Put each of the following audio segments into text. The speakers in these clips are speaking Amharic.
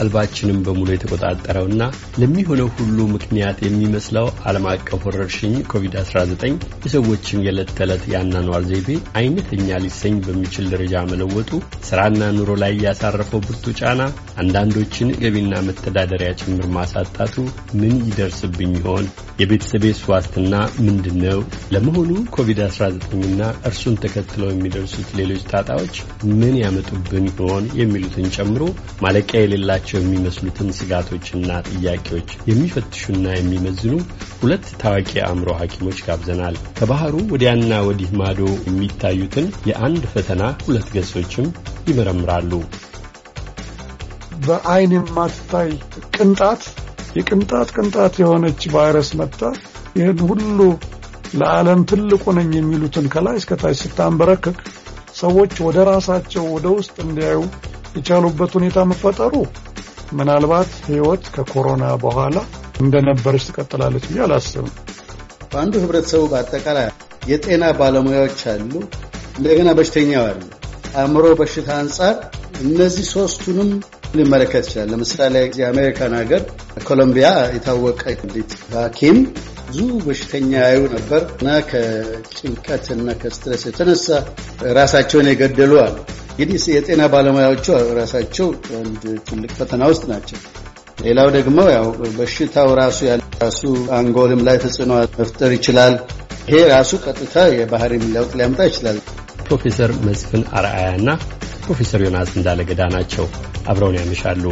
ቀልባችንም በሙሉ የተቆጣጠረውና ለሚሆነው ሁሉ ምክንያት የሚመስለው ዓለም አቀፍ ወረርሽኝ ኮቪድ-19 የሰዎችን የዕለት ተዕለት የአኗኗር ዘይቤ አይነተኛ ሊሰኝ በሚችል ደረጃ መለወጡ፣ ስራና ኑሮ ላይ ያሳረፈው ብርቱ ጫና፣ አንዳንዶችን ገቢና መተዳደሪያ ጭምር ማሳጣቱ ምን ይደርስብኝ ይሆን? የቤተሰቤስ ዋስትና ምንድን ነው? ለመሆኑ ኮቪድ-19ና እርሱን ተከትለው የሚደርሱት ሌሎች ጣጣዎች ምን ያመጡብን ይሆን? የሚሉትን ጨምሮ ማለቂያ የሌላቸው ያሏቸው የሚመስሉትን ስጋቶችና ጥያቄዎች የሚፈትሹና የሚመዝኑ ሁለት ታዋቂ አእምሮ ሐኪሞች ጋብዘናል። ከባህሩ ወዲያና ወዲህ ማዶ የሚታዩትን የአንድ ፈተና ሁለት ገጾችም ይመረምራሉ። በአይን የማትታይ ቅንጣት የቅንጣት ቅንጣት የሆነች ቫይረስ መጣ። ይህን ሁሉ ለዓለም ትልቁ ነኝ የሚሉትን ከላይ እስከታች ስታንበረክክ ሰዎች ወደ ራሳቸው ወደ ውስጥ እንዲያዩ የቻሉበት ሁኔታ መፈጠሩ ምናልባት ህይወት ከኮሮና በኋላ እንደነበረች ትቀጥላለች ብዬ አላስብም። በአንዱ ህብረተሰቡ በአጠቃላይ የጤና ባለሙያዎች አሉ፣ እንደገና በሽተኛው አሉ። አእምሮ በሽታ አንጻር እነዚህ ሶስቱንም ሊመለከት ይችላል። ለምሳሌ የአሜሪካን ሀገር ኮሎምቢያ የታወቀ አንዲት ሐኪም ብዙ በሽተኛ ያዩ ነበር እና ከጭንቀት እና ከስትረስ የተነሳ ራሳቸውን የገደሉ አሉ። እንግዲህ የጤና ባለሙያዎቹ ራሳቸው አንድ ትልቅ ፈተና ውስጥ ናቸው። ሌላው ደግሞ ያው በሽታው ራሱ ራሱ አንጎልም ላይ ተጽዕኖ መፍጠር ይችላል። ይሄ ራሱ ቀጥታ የባህሪም ለውጥ ሊያመጣ ይችላል። ፕሮፌሰር መስፍን አርአያና ፕሮፌሰር ዮናስ እንዳለገዳ ናቸው። አብረውን ያመሻሉ።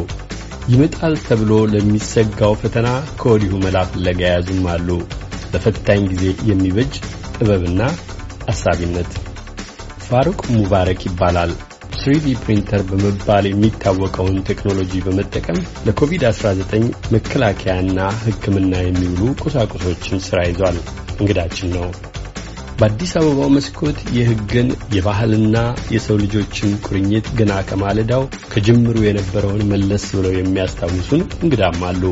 ይመጣል ተብሎ ለሚሰጋው ፈተና ከወዲሁ መላ ፍለጋ የያዙም አሉ። ለፈታኝ ጊዜ የሚበጅ ጥበብና አሳቢነት። ፋሩቅ ሙባረክ ይባላል። ስሪዲ ፕሪንተር በመባል የሚታወቀውን ቴክኖሎጂ በመጠቀም ለኮቪድ-19 መከላከያና ሕክምና የሚውሉ ቁሳቁሶችን ስራ ይዟል። እንግዳችን ነው። በአዲስ አበባው መስኮት የሕግን የባህልና የሰው ልጆችን ቁርኝት ገና ከማለዳው ከጅምሩ የነበረውን መለስ ብለው የሚያስታውሱን እንግዳም አሉ።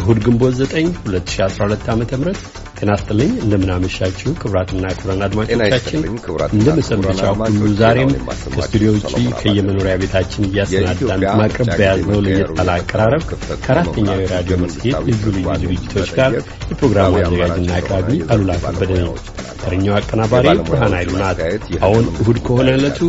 እሁድ ግንቦት 9 2012 ዓ ም ጤና ይስጥልኝ እንደምናመሻችሁ ክቡራትና ክቡራን አድማጮቻችን እንደመሰንበቻው ሁሉ ዛሬም ከስቱዲዮ ውጪ ከየመኖሪያ ቤታችን እያሰናዳን ማቅረብ በያዝነው ለየት አቀራረብ ከአራተኛው የራዲዮ መጽሔት ልዩ ልዩ ዝግጅቶች ጋር የፕሮግራሙ አዘጋጅና አቅራቢ አሉላ ከበደ ነው። ተረኛው አቀናባሪ ብርሃን ኃይሉ ናት። አሁን እሁድ ከሆነ ዕለቱ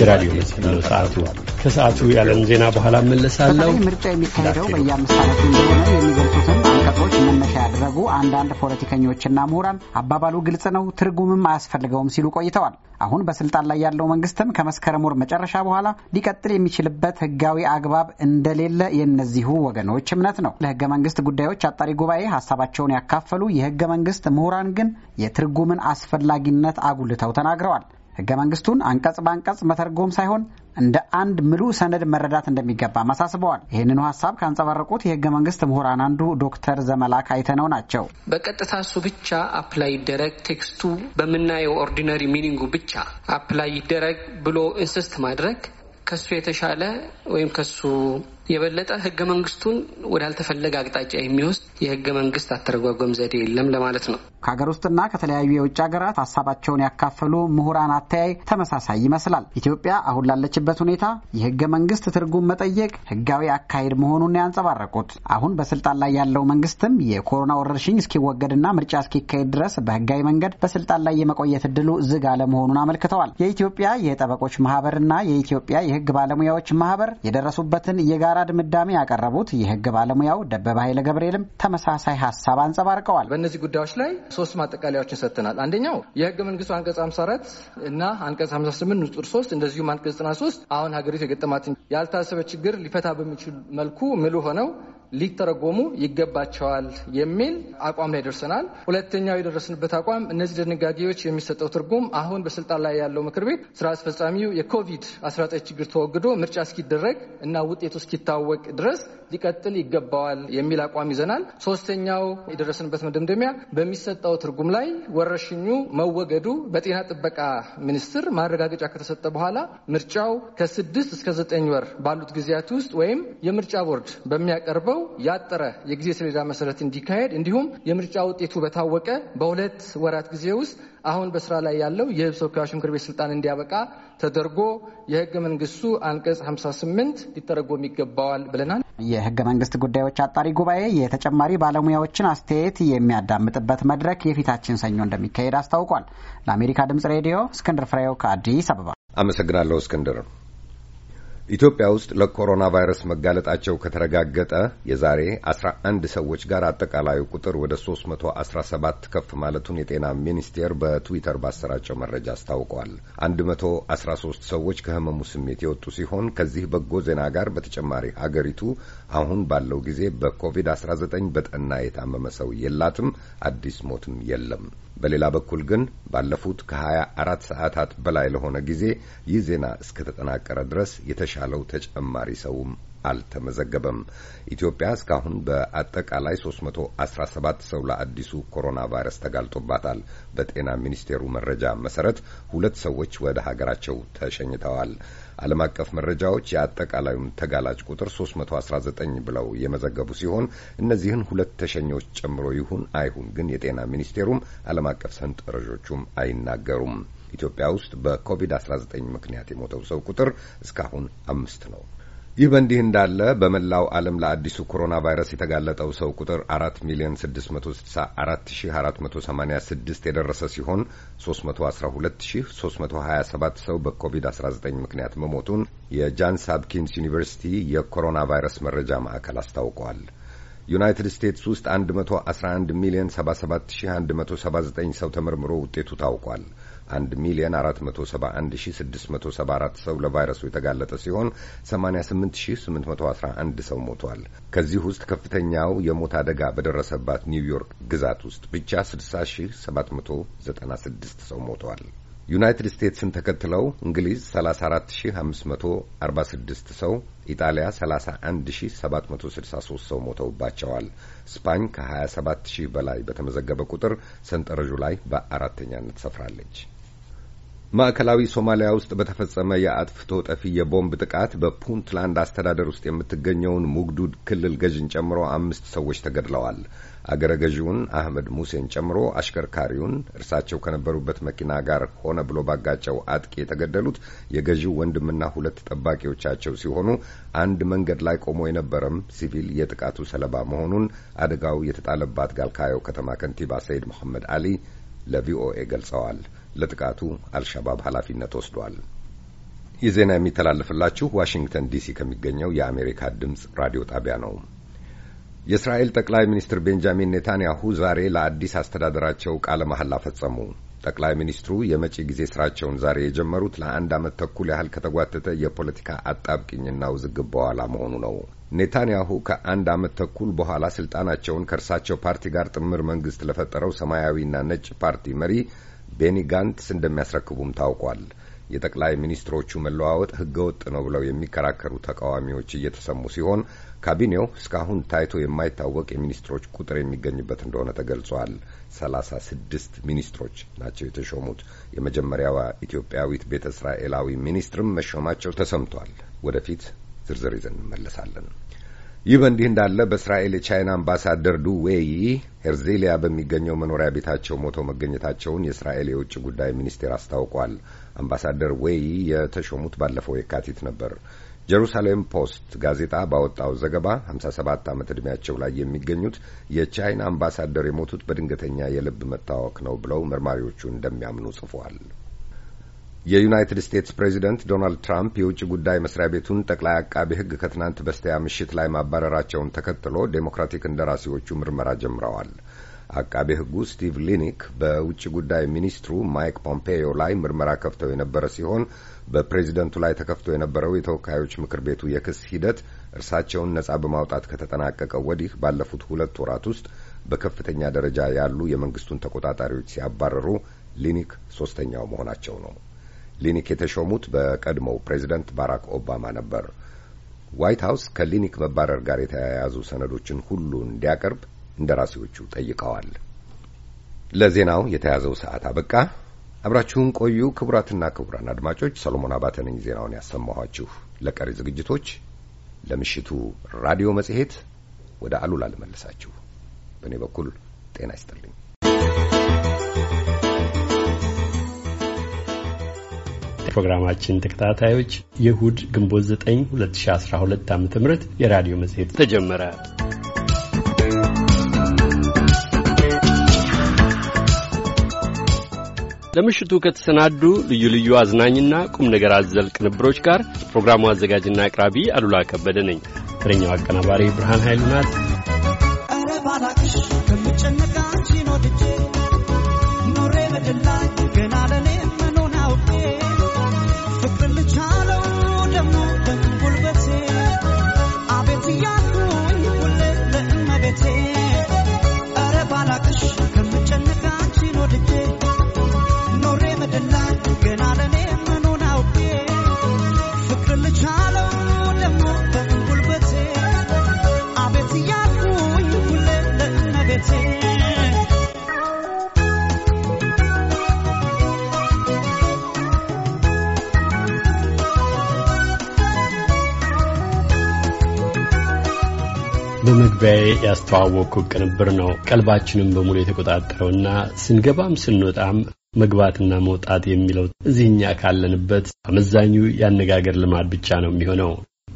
የራዲዮ መጽሔት ነው። ሰዓቱ ከሰዓቱ የዓለም ዜና በኋላ መለሳለሁ። ምርጫ የሚካሄደው በየአምስት ዓመቱ እንደሆነ የሚገልጹትን ክስተቶች መነሻ ያደረጉ አንዳንድ ፖለቲከኞችና ምሁራን አባባሉ ግልጽ ነው፣ ትርጉምም አያስፈልገውም ሲሉ ቆይተዋል። አሁን በስልጣን ላይ ያለው መንግስትም ከመስከረም ወር መጨረሻ በኋላ ሊቀጥል የሚችልበት ህጋዊ አግባብ እንደሌለ የእነዚሁ ወገኖች እምነት ነው። ለህገ መንግስት ጉዳዮች አጣሪ ጉባኤ ሀሳባቸውን ያካፈሉ የህገ መንግስት ምሁራን ግን የትርጉምን አስፈላጊነት አጉልተው ተናግረዋል። ህገ መንግስቱን አንቀጽ በአንቀጽ መተርጎም ሳይሆን እንደ አንድ ምሉ ሰነድ መረዳት እንደሚገባ አሳስበዋል። ይህንኑ ሀሳብ ካንጸባረቁት የህገ መንግስት ምሁራን አንዱ ዶክተር ዘመላክ አይተነው ናቸው። በቀጥታ እሱ ብቻ አፕላይ ይደረግ፣ ቴክስቱ በምናየው ኦርዲነሪ ሚኒንጉ ብቻ አፕላይ ይደረግ ብሎ ኢንስስት ማድረግ ከሱ የተሻለ ወይም ከሱ የበለጠ ህገ መንግስቱን ወዳልተፈለገ አቅጣጫ የሚወስድ የህገ መንግስት አተረጓጎም ዘዴ የለም ለማለት ነው። ከሀገር ውስጥና ከተለያዩ የውጭ ሀገራት ሀሳባቸውን ያካፈሉ ምሁራን አተያይ ተመሳሳይ ይመስላል። ኢትዮጵያ አሁን ላለችበት ሁኔታ የህገ መንግስት ትርጉም መጠየቅ ህጋዊ አካሄድ መሆኑን ያንጸባረቁት አሁን በስልጣን ላይ ያለው መንግስትም የኮሮና ወረርሽኝ እስኪወገድና ምርጫ እስኪካሄድ ድረስ በህጋዊ መንገድ በስልጣን ላይ የመቆየት እድሉ ዝግ አለመሆኑን አመልክተዋል። የኢትዮጵያ የጠበቆች ማህበርና የኢትዮጵያ የህግ ባለሙያዎች ማህበር የደረሱበትን የጋራ ድምዳሜ ያቀረቡት የህግ ባለሙያው ደበበ ኃይለ ገብርኤልም ተመሳሳይ ሀሳብ አንጸባርቀዋል። በእነዚህ ጉዳዮች ላይ ሶስት ማጠቃለያዎችን ሰጥተናል። አንደኛው የህገ መንግስቱ አንቀጽ 54 እና አንቀጽ 58 ንጹር 3 እንደዚሁም አንቀጽ 93 አሁን ሀገሪቱ የገጠማትን ያልታሰበ ችግር ሊፈታ በሚችል መልኩ ምሉ ሆነው ሊተረጎሙ ይገባቸዋል የሚል አቋም ላይ ደርሰናል። ሁለተኛው የደረስንበት አቋም እነዚህ ድንጋጌዎች የሚሰጠው ትርጉም አሁን በስልጣን ላይ ያለው ምክር ቤት ስራ አስፈጻሚው የኮቪድ-19 ችግር ተወግዶ ምርጫ እስኪደረግ እና ውጤቱ እስኪታወቅ ድረስ ሊቀጥል ይገባዋል የሚል አቋም ይዘናል። ሶስተኛው የደረስንበት መደምደሚያ በሚሰጠው ትርጉም ላይ ወረርሽኙ መወገዱ በጤና ጥበቃ ሚኒስቴር ማረጋገጫ ከተሰጠ በኋላ ምርጫው ከስድስት እስከ ዘጠኝ ወር ባሉት ጊዜያት ውስጥ ወይም የምርጫ ቦርድ በሚያቀርበው ያጠረ የጊዜ ሰሌዳ መሰረት እንዲካሄድ እንዲሁም የምርጫ ውጤቱ በታወቀ በሁለት ወራት ጊዜ ውስጥ አሁን በስራ ላይ ያለው የህዝብ ተወካዮች ምክር ቤት ስልጣን እንዲያበቃ ተደርጎ የህገ መንግስቱ አንቀጽ 58 ሊተረጎም ይገባዋል ብለናል። የህገ መንግስት ጉዳዮች አጣሪ ጉባኤ የተጨማሪ ባለሙያዎችን አስተያየት የሚያዳምጥበት መድረክ የፊታችን ሰኞ እንደሚካሄድ አስታውቋል። ለአሜሪካ ድምጽ ሬዲዮ እስክንድር ፍሬው ከአዲስ አበባ አመሰግናለሁ። እስክንድር ኢትዮጵያ ውስጥ ለኮሮና ቫይረስ መጋለጣቸው ከተረጋገጠ የዛሬ 11 ሰዎች ጋር አጠቃላዩ ቁጥር ወደ 317 ከፍ ማለቱን የጤና ሚኒስቴር በትዊተር ባሰራጨው መረጃ አስታውቋል። 113 ሰዎች ከህመሙ ስሜት የወጡ ሲሆን ከዚህ በጎ ዜና ጋር በተጨማሪ ሀገሪቱ አሁን ባለው ጊዜ በኮቪድ-19 በጠና የታመመ ሰው የላትም፣ አዲስ ሞትም የለም። በሌላ በኩል ግን ባለፉት ከ24 ሰዓታት በላይ ለሆነ ጊዜ ይህ ዜና እስከተጠናቀረ ድረስ የተሻ የተሻለው ተጨማሪ ሰውም አልተመዘገበም። ኢትዮጵያ እስካሁን በአጠቃላይ 317 ሰው ለአዲሱ ኮሮና ቫይረስ ተጋልጦባታል። በጤና ሚኒስቴሩ መረጃ መሰረት ሁለት ሰዎች ወደ ሀገራቸው ተሸኝተዋል። ዓለም አቀፍ መረጃዎች የአጠቃላዩን ተጋላጭ ቁጥር 319 ብለው የመዘገቡ ሲሆን እነዚህን ሁለት ተሸኚዎች ጨምሮ ይሁን አይሁን ግን የጤና ሚኒስቴሩም ዓለም አቀፍ ሰንጠረዦቹም አይናገሩም። ኢትዮጵያ ውስጥ በኮቪድ-19 ምክንያት የሞተው ሰው ቁጥር እስካሁን አምስት ነው። ይህ በእንዲህ እንዳለ በመላው ዓለም ለአዲሱ ኮሮና ቫይረስ የተጋለጠው ሰው ቁጥር አራት ሚሊዮን ስድስት መቶ አራት አራት መቶ ሰማኒያ ስድስት የደረሰ ሲሆን ሶስት መቶ አስራ ሁለት ሺህ ሶስት መቶ ሀያ ሰባት ሰው በኮቪድ አስራ ዘጠኝ ምክንያት መሞቱን የጃንስ ሀፕኪንስ ዩኒቨርሲቲ የኮሮና ቫይረስ መረጃ ማዕከል አስታውቀዋል። ዩናይትድ ስቴትስ ውስጥ አንድ መቶ አስራ አንድ ሚሊዮን ሰባ ሰባት ሺህ አንድ መቶ ሰባ ዘጠኝ ሰው ተመርምሮ ውጤቱ ታውቋል። 1 ሚሊዮን 471674 ሰው ለቫይረሱ የተጋለጠ ሲሆን 88811 ሰው ሞቷል። ከዚህ ውስጥ ከፍተኛው የሞት አደጋ በደረሰባት ኒውዮርክ ግዛት ውስጥ ብቻ 60796 ሰው ሞቷል። ዩናይትድ ስቴትስን ተከትለው እንግሊዝ 34546 ሰው፣ ኢጣሊያ 31763 ሰው ሞተውባቸዋል። ስፓኝ ከ27000 በላይ በተመዘገበ ቁጥር ሰንጠረዡ ላይ በአራተኛነት ሰፍራለች። ማዕከላዊ ሶማሊያ ውስጥ በተፈጸመ የአጥፍቶ ጠፊ የቦምብ ጥቃት በፑንትላንድ አስተዳደር ውስጥ የምትገኘውን ሙግዱድ ክልል ገዥን ጨምሮ አምስት ሰዎች ተገድለዋል። አገረ ገዢውን አህመድ ሙሴን ጨምሮ አሽከርካሪውን እርሳቸው ከነበሩበት መኪና ጋር ሆነ ብሎ ባጋጨው አጥቂ የተገደሉት የገዢው ወንድምና ሁለት ጠባቂዎቻቸው ሲሆኑ አንድ መንገድ ላይ ቆሞ የነበረም ሲቪል የጥቃቱ ሰለባ መሆኑን አደጋው የተጣለባት ጋልካዮ ከተማ ከንቲባ ሰይድ መሐመድ አሊ ለቪኦኤ ገልጸዋል። ለጥቃቱ አልሻባብ ኃላፊነት ወስዷል። ይህ ዜና የሚተላለፍላችሁ ዋሽንግተን ዲሲ ከሚገኘው የአሜሪካ ድምፅ ራዲዮ ጣቢያ ነው። የእስራኤል ጠቅላይ ሚኒስትር ቤንጃሚን ኔታንያሁ ዛሬ ለአዲስ አስተዳደራቸው ቃለ መሐላ ፈጸሙ። ጠቅላይ ሚኒስትሩ የመጪ ጊዜ ስራቸውን ዛሬ የጀመሩት ለአንድ ዓመት ተኩል ያህል ከተጓተተ የፖለቲካ አጣብቅኝና ውዝግብ በኋላ መሆኑ ነው። ኔታንያሁ ከአንድ ዓመት ተኩል በኋላ ስልጣናቸውን ከእርሳቸው ፓርቲ ጋር ጥምር መንግስት ለፈጠረው ሰማያዊና ነጭ ፓርቲ መሪ ቤኒ ጋንትስ እንደሚያስረክቡም ታውቋል። የጠቅላይ ሚኒስትሮቹ መለዋወጥ ህገወጥ ነው ብለው የሚከራከሩ ተቃዋሚዎች እየተሰሙ ሲሆን ካቢኔው እስካሁን ታይቶ የማይታወቅ የሚኒስትሮች ቁጥር የሚገኝበት እንደሆነ ተገልጿል። ሰላሳ ስድስት ሚኒስትሮች ናቸው የተሾሙት። የመጀመሪያዋ ኢትዮጵያዊት ቤተ እስራኤላዊ ሚኒስትርም መሾማቸው ተሰምቷል። ወደፊት ዝርዝር ይዘን እንመለሳለን። ይህ በእንዲህ እንዳለ በእስራኤል የቻይና አምባሳደር ዱዌይ ሄርዜሊያ በሚገኘው መኖሪያ ቤታቸው ሞተው መገኘታቸውን የእስራኤል የውጭ ጉዳይ ሚኒስቴር አስታውቋል። አምባሳደር ዌይ የተሾሙት ባለፈው የካቲት ነበር። ጀሩሳሌም ፖስት ጋዜጣ ባወጣው ዘገባ 57 ዓመት ዕድሜያቸው ላይ የሚገኙት የቻይና አምባሳደር የሞቱት በድንገተኛ የልብ መታወክ ነው ብለው መርማሪዎቹ እንደሚያምኑ ጽፏል። የዩናይትድ ስቴትስ ፕሬዚደንት ዶናልድ ትራምፕ የውጭ ጉዳይ መስሪያ ቤቱን ጠቅላይ አቃቤ ሕግ ከትናንት በስቲያ ምሽት ላይ ማባረራቸውን ተከትሎ ዴሞክራቲክ እንደራሴዎቹ ምርመራ ጀምረዋል። አቃቤ ሕጉ ስቲቭ ሊኒክ በውጭ ጉዳይ ሚኒስትሩ ማይክ ፖምፔዮ ላይ ምርመራ ከፍተው የነበረ ሲሆን በፕሬዚደንቱ ላይ ተከፍቶ የነበረው የተወካዮች ምክር ቤቱ የክስ ሂደት እርሳቸውን ነጻ በማውጣት ከተጠናቀቀ ወዲህ ባለፉት ሁለት ወራት ውስጥ በከፍተኛ ደረጃ ያሉ የመንግስቱን ተቆጣጣሪዎች ሲያባረሩ ሊኒክ ሶስተኛው መሆናቸው ነው። ሊኒክ የተሾሙት በቀድሞው ፕሬዚደንት ባራክ ኦባማ ነበር። ዋይት ሀውስ ከሊኒክ መባረር ጋር የተያያዙ ሰነዶችን ሁሉ እንዲያቀርብ እንደራሴዎቹ ጠይቀዋል። ለዜናው የተያዘው ሰዓት አበቃ። አብራችሁን ቆዩ። ክቡራትና ክቡራን አድማጮች ሰሎሞን አባተ ነኝ ዜናውን ያሰማኋችሁ። ለቀሪ ዝግጅቶች ለምሽቱ ራዲዮ መጽሔት ወደ አሉላ ልመልሳችሁ። በእኔ በኩል ጤና ይስጥልኝ። ፕሮግራማችን ተከታታዮች የእሁድ ግንቦት 9 2012 ዓ ም የራዲዮ መጽሔት ተጀመረ። ለምሽቱ ከተሰናዱ ልዩ ልዩ አዝናኝና ቁም ነገር አዘል ቅንብሮች ጋር የፕሮግራሙ አዘጋጅና አቅራቢ አሉላ ከበደ ነኝ። ተረኛው አቀናባሪ ብርሃን ኃይሉ ናት። በመግቢያዬ ያስተዋወቅኩ ቅንብር ነው ቀልባችንም በሙሉ የተቆጣጠረውና ስንገባም ስንወጣም መግባትና መውጣት የሚለው እዚህኛ ካለንበት አመዛኙ የአነጋገር ልማድ ብቻ ነው የሚሆነው።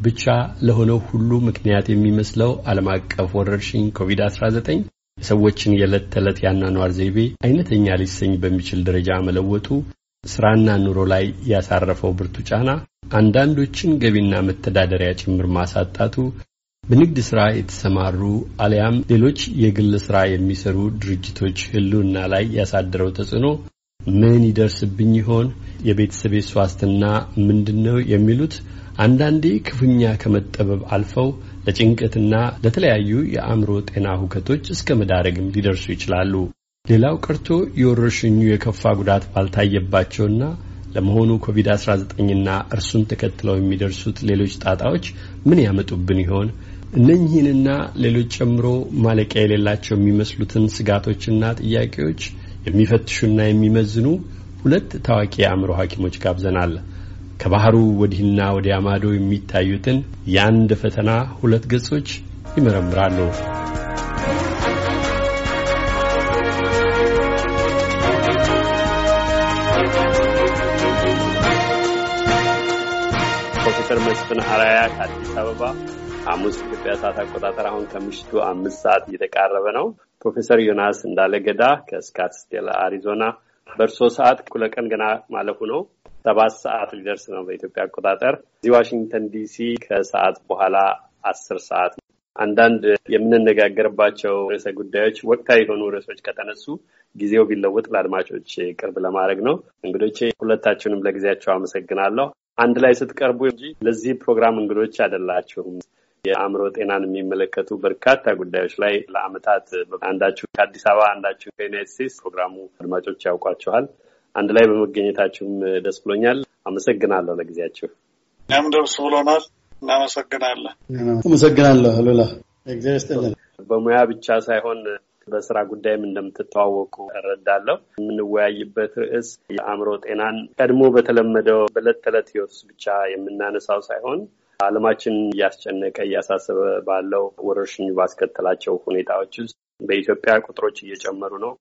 ብቻ ለሆነው ሁሉ ምክንያት የሚመስለው ዓለም አቀፍ ወረርሽኝ ኮቪድ-19 የሰዎችን የዕለት ተዕለት ያኗኗር ዘይቤ አይነተኛ ሊሰኝ በሚችል ደረጃ መለወጡ ስራና ኑሮ ላይ ያሳረፈው ብርቱ ጫና አንዳንዶችን ገቢና መተዳደሪያ ጭምር ማሳጣቱ በንግድ ስራ የተሰማሩ አሊያም ሌሎች የግል ስራ የሚሰሩ ድርጅቶች ህልውና ላይ ያሳደረው ተጽዕኖ ምን ይደርስብኝ ይሆን? የቤተሰቤስ ዋስትና ምንድን ነው? የሚሉት አንዳንዴ ክፉኛ ከመጠበብ አልፈው ለጭንቀትና ለተለያዩ የአእምሮ ጤና ሁከቶች እስከ መዳረግም ሊደርሱ ይችላሉ። ሌላው ቀርቶ የወረርሽኙ የከፋ ጉዳት ባልታየባቸውና ለመሆኑ ኮቪድ-19ና እርሱን ተከትለው የሚደርሱት ሌሎች ጣጣዎች ምን ያመጡብን ይሆን? እነኚህንና ሌሎች ጨምሮ ማለቂያ የሌላቸው የሚመስሉትን ስጋቶችና ጥያቄዎች የሚፈትሹና የሚመዝኑ ሁለት ታዋቂ የአእምሮ ሐኪሞች ጋብዘናል። ከባህሩ ወዲህና ወዲያ ማዶ የሚታዩትን የአንድ ፈተና ሁለት ገጾች ይመረምራሉ። ፕሮፌሰር መስፍን አራያ ከአዲስ አበባ ሐሙስ ኢትዮጵያ ሰዓት አቆጣጠር አሁን ከምሽቱ አምስት ሰዓት እየተቃረበ ነው። ፕሮፌሰር ዮናስ እንዳለገዳ ከስካትስቴል አሪዞና በእርሶ ሰዓት እኩለ ቀን ገና ማለፉ ነው። ሰባት ሰዓት ሊደርስ ነው በኢትዮጵያ አቆጣጠር። እዚህ ዋሽንግተን ዲሲ ከሰዓት በኋላ አስር ሰዓት አንዳንድ የምንነጋገርባቸው ርዕሰ ጉዳዮች ወቅታዊ የሆኑ ርዕሶች ከተነሱ ጊዜው ቢለወጥ ለአድማጮች ቅርብ ለማድረግ ነው። እንግዶቼ ሁለታችሁንም ለጊዜያቸው አመሰግናለሁ። አንድ ላይ ስትቀርቡ እንጂ ለዚህ ፕሮግራም እንግዶች አይደላችሁም። የአእምሮ ጤናን የሚመለከቱ በርካታ ጉዳዮች ላይ ለአመታት አንዳችሁ ከአዲስ አበባ አንዳችሁ ከዩናይት ስቴትስ ፕሮግራሙ አድማጮች ያውቋችኋል። አንድ ላይ በመገኘታችሁም ደስ ብሎኛል። አመሰግናለሁ ለጊዜያችሁ። እኛም ደስ ብሎናል። እናመሰግናለን። አመሰግናለሁ ሉላ እግዚአብሔር በሙያ ብቻ ሳይሆን በስራ ጉዳይም እንደምትተዋወቁ እረዳለሁ። የምንወያይበት ርዕስ የአእምሮ ጤናን ቀድሞ በተለመደው በዕለት ተዕለት ህይወት ውስጥ ብቻ የምናነሳው ሳይሆን ዓለማችን እያስጨነቀ እያሳሰበ ባለው ወረርሽኝ ባስከተላቸው ሁኔታዎች ውስጥ በኢትዮጵያ ቁጥሮች እየጨመሩ ነው።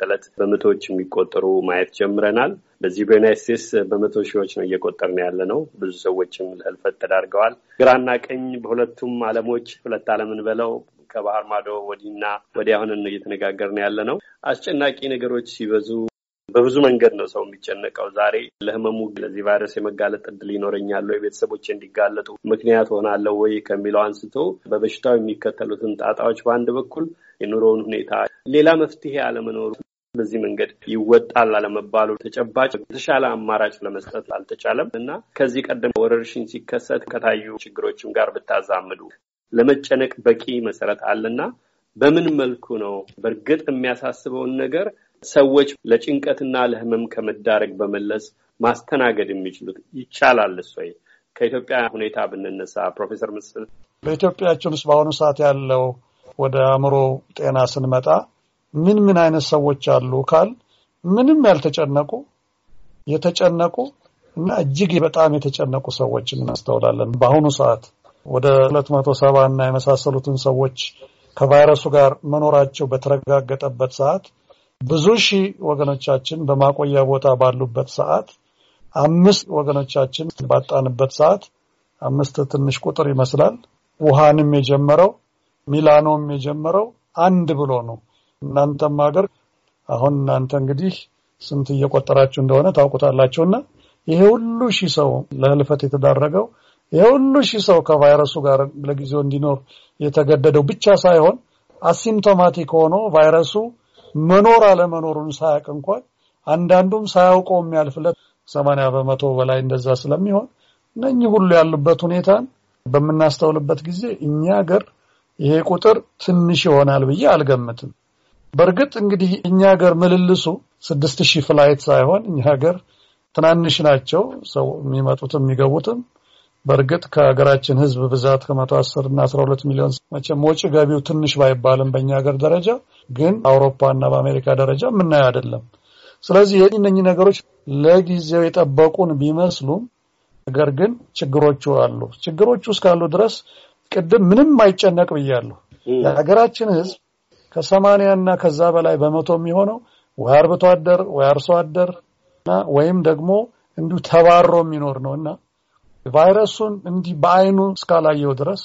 ቀለጥ በመቶዎች የሚቆጠሩ ማየት ጀምረናል። በዚህ በዩናይት ስቴትስ በመቶ ሺዎች ነው እየቆጠርን ያለ ነው። ብዙ ሰዎችም ለህልፈት ተዳርገዋል። ግራና ቀኝ በሁለቱም ዓለሞች ሁለት ዓለምን በለው ከባህር ማዶ ወዲህና ወዲያ አሁን እየተነጋገርን ያለ ነው። አስጨናቂ ነገሮች ሲበዙ በብዙ መንገድ ነው ሰው የሚጨነቀው። ዛሬ ለህመሙ ለዚህ ቫይረስ የመጋለጥ እድል ይኖረኛል ወይ፣ ቤተሰቦች እንዲጋለጡ ምክንያት ሆናለሁ ወይ ከሚለው አንስቶ በበሽታው የሚከተሉትን ጣጣዎች በአንድ በኩል የኑሮውን ሁኔታ፣ ሌላ መፍትሄ አለመኖሩ በዚህ መንገድ ይወጣል አለመባሉ ተጨባጭ የተሻለ አማራጭ ለመስጠት አልተቻለም እና ከዚህ ቀደም ወረርሽኝ ሲከሰት ከታዩ ችግሮችም ጋር ብታዛምዱ ለመጨነቅ በቂ መሰረት አለና በምን መልኩ ነው በእርግጥ የሚያሳስበውን ነገር ሰዎች ለጭንቀትና ለህመም ከመዳረግ በመለስ ማስተናገድ የሚችሉት ይቻላል ወይ? ከኢትዮጵያ ሁኔታ ብንነሳ ፕሮፌሰር ምስል በኢትዮጵያችን ውስጥ በአሁኑ ሰዓት ያለው ወደ አእምሮ ጤና ስንመጣ ምን ምን አይነት ሰዎች አሉ ካል ምንም ያልተጨነቁ የተጨነቁ እና እጅግ በጣም የተጨነቁ ሰዎች እናስተውላለን። በአሁኑ ሰዓት ወደ ሁለት መቶ ሰባ እና የመሳሰሉትን ሰዎች ከቫይረሱ ጋር መኖራቸው በተረጋገጠበት ሰዓት ብዙ ሺህ ወገኖቻችን በማቆያ ቦታ ባሉበት ሰዓት አምስት ወገኖቻችን ባጣንበት ሰዓት አምስት ትንሽ ቁጥር ይመስላል። ውሃንም የጀመረው ሚላኖም የጀመረው አንድ ብሎ ነው። እናንተም ሀገር አሁን እናንተ እንግዲህ ስንት እየቆጠራችሁ እንደሆነ ታውቁታላችሁና ይሄ ሁሉ ሺህ ሰው ለህልፈት የተዳረገው ይሄ ሁሉ ሺህ ሰው ከቫይረሱ ጋር ለጊዜው እንዲኖር የተገደደው ብቻ ሳይሆን አሲምቶማቲክ ሆኖ ቫይረሱ መኖር አለመኖሩን ሳያውቅ እንኳን አንዳንዱም ሳያውቀው የሚያልፍለት ሰማንያ በመቶ በላይ እንደዛ ስለሚሆን እነኚህ ሁሉ ያሉበት ሁኔታን በምናስተውልበት ጊዜ እኛ ሀገር ይሄ ቁጥር ትንሽ ይሆናል ብዬ አልገምትም። በእርግጥ እንግዲህ እኛ ሀገር ምልልሱ ስድስት ሺህ ፍላይት ሳይሆን እኛ ሀገር ትናንሽ ናቸው። ሰው የሚመጡትም የሚገቡትም በእርግጥ ከሀገራችን ህዝብ ብዛት ከመቶ አስር እና አስራ ሁለት ሚሊዮን መቼም ወጪ ገቢው ትንሽ ባይባልም በእኛ ሀገር ደረጃ ግን አውሮፓ እና በአሜሪካ ደረጃ የምናየው አይደለም። ስለዚህ እነኚህ ነገሮች ለጊዜው የጠበቁን ቢመስሉም ነገር ግን ችግሮቹ አሉ። ችግሮቹ እስካሉ ድረስ ቅድም ምንም አይጨነቅ ብያለሁ። የሀገራችን ህዝብ ከሰማንያ እና ከዛ በላይ በመቶ የሚሆነው ወይ አርብቶ አደር ወይ አርሶ አደር ወይም ደግሞ እንዲሁ ተባሮ የሚኖር ነው እና ቫይረሱን እንዲህ በአይኑ እስካላየው ድረስ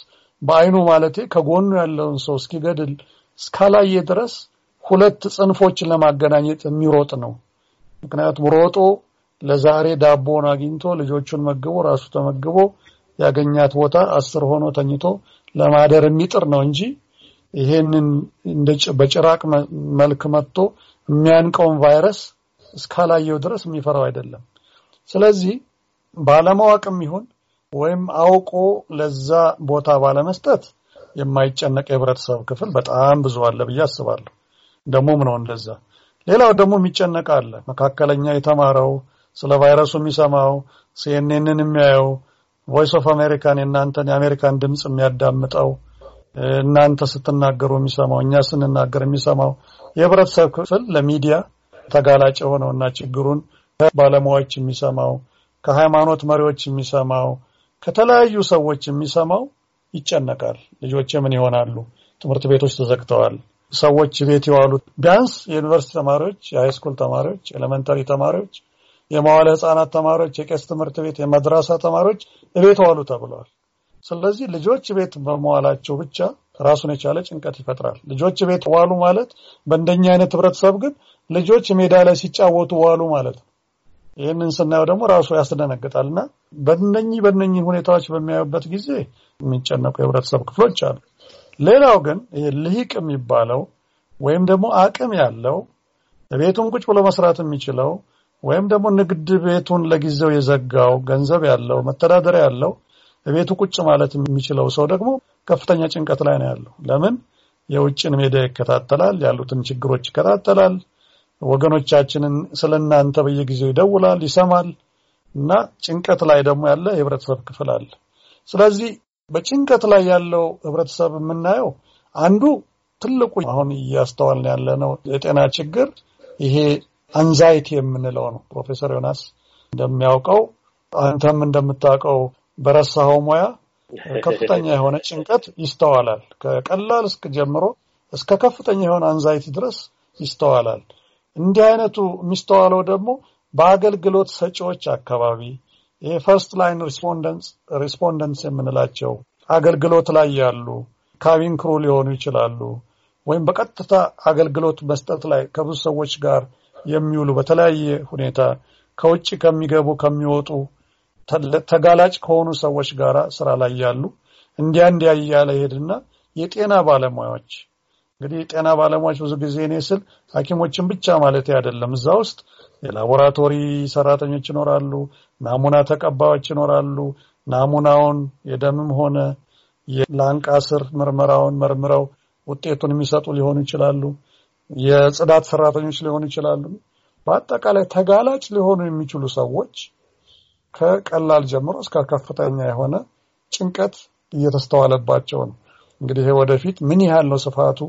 በአይኑ ማለቴ ከጎኑ ያለውን ሰው እስኪገድል እስካላየ ድረስ ሁለት ጽንፎችን ለማገናኘት የሚሮጥ ነው። ምክንያቱም ሮጦ ለዛሬ ዳቦን አግኝቶ ልጆቹን መግቦ ራሱ ተመግቦ ያገኛት ቦታ አስር ሆኖ ተኝቶ ለማደር የሚጥር ነው እንጂ ይሄንን በጭራቅ መልክ መጥቶ የሚያንቀውን ቫይረስ እስካላየው ድረስ የሚፈራው አይደለም። ስለዚህ ባለማወቅም ይሁን ወይም አውቆ ለዛ ቦታ ባለመስጠት የማይጨነቅ የህብረተሰብ ክፍል በጣም ብዙ አለ ብዬ አስባለሁ። ደግሞም ነው እንደዛ። ሌላው ደግሞ የሚጨነቅ አለ። መካከለኛ የተማረው ስለ ቫይረሱ የሚሰማው ሲኤንኤንን የሚያየው ቮይስ ኦፍ አሜሪካን የእናንተን የአሜሪካን ድምፅ የሚያዳምጠው እናንተ ስትናገሩ የሚሰማው እኛ ስንናገር የሚሰማው የህብረተሰብ ክፍል ለሚዲያ ተጋላጭ የሆነውና ችግሩን ከባለሙያዎች የሚሰማው ከሃይማኖት መሪዎች የሚሰማው ከተለያዩ ሰዎች የሚሰማው ይጨነቃል። ልጆች ምን ይሆናሉ? ትምህርት ቤቶች ተዘግተዋል። ሰዎች ቤት የዋሉት ቢያንስ የዩኒቨርሲቲ ተማሪዎች፣ የሃይስኩል ተማሪዎች፣ ኤሌመንተሪ ተማሪዎች፣ የመዋለ ህፃናት ተማሪዎች፣ የቄስ ትምህርት ቤት፣ የመድራሳ ተማሪዎች እቤት ዋሉ ተብለዋል። ስለዚህ ልጆች ቤት በመዋላቸው ብቻ ራሱን የቻለ ጭንቀት ይፈጥራል። ልጆች ቤት ዋሉ ማለት በእንደኛ አይነት ህብረተሰብ ግን ልጆች ሜዳ ላይ ሲጫወቱ ዋሉ ማለት ነው። ይህንን ስናየው ደግሞ ራሱ ያስደነግጣል እና በነኚህ በነኚህ ሁኔታዎች በሚያዩበት ጊዜ የሚጨነቁ የህብረተሰብ ክፍሎች አሉ። ሌላው ግን ልሂቅ የሚባለው ወይም ደግሞ አቅም ያለው ቤቱን ቁጭ ብሎ መስራት የሚችለው ወይም ደግሞ ንግድ ቤቱን ለጊዜው የዘጋው ገንዘብ ያለው መተዳደሪያ ያለው ቤቱ ቁጭ ማለት የሚችለው ሰው ደግሞ ከፍተኛ ጭንቀት ላይ ነው ያለው። ለምን? የውጭን ሜዲያ ይከታተላል፣ ያሉትን ችግሮች ይከታተላል፣ ወገኖቻችንን ስለ እናንተ በየጊዜው ይደውላል፣ ይሰማል እና ጭንቀት ላይ ደግሞ ያለ የህብረተሰብ ክፍል አለ። ስለዚህ በጭንቀት ላይ ያለው ህብረተሰብ የምናየው አንዱ ትልቁ አሁን እያስተዋልን ያለ ነው የጤና ችግር ይሄ አንዛይቲ የምንለው ነው። ፕሮፌሰር ዮናስ እንደሚያውቀው አንተም እንደምታውቀው በረሳኸው ሙያ ከፍተኛ የሆነ ጭንቀት ይስተዋላል። ከቀላል እስከ ጀምሮ እስከ ከፍተኛ የሆነ አንዛይቲ ድረስ ይስተዋላል። እንዲህ አይነቱ የሚስተዋለው ደግሞ በአገልግሎት ሰጪዎች አካባቢ የፈርስት ላይን ሪስፖንደንስ የምንላቸው አገልግሎት ላይ ያሉ ካቢን ክሩ ሊሆኑ ይችላሉ፣ ወይም በቀጥታ አገልግሎት መስጠት ላይ ከብዙ ሰዎች ጋር የሚውሉ በተለያየ ሁኔታ ከውጭ ከሚገቡ ከሚወጡ ተጋላጭ ከሆኑ ሰዎች ጋር ስራ ላይ ያሉ እንዲያ እንዲያ እያለ ሄድና የጤና ባለሙያዎች እንግዲህ የጤና ባለሙያዎች ብዙ ጊዜ እኔ ስል ሐኪሞችን ብቻ ማለት አይደለም። እዛ ውስጥ የላቦራቶሪ ሰራተኞች ይኖራሉ፣ ናሙና ተቀባዮች ይኖራሉ። ናሙናውን የደምም ሆነ የላንቃ ስር ምርመራውን መርምረው ውጤቱን የሚሰጡ ሊሆኑ ይችላሉ። የጽዳት ሰራተኞች ሊሆኑ ይችላሉ። በአጠቃላይ ተጋላጭ ሊሆኑ የሚችሉ ሰዎች ከቀላል ጀምሮ እስከ ከፍተኛ የሆነ ጭንቀት እየተስተዋለባቸው ነው። እንግዲህ ይሄ ወደፊት ምን ያህል ነው ስፋቱ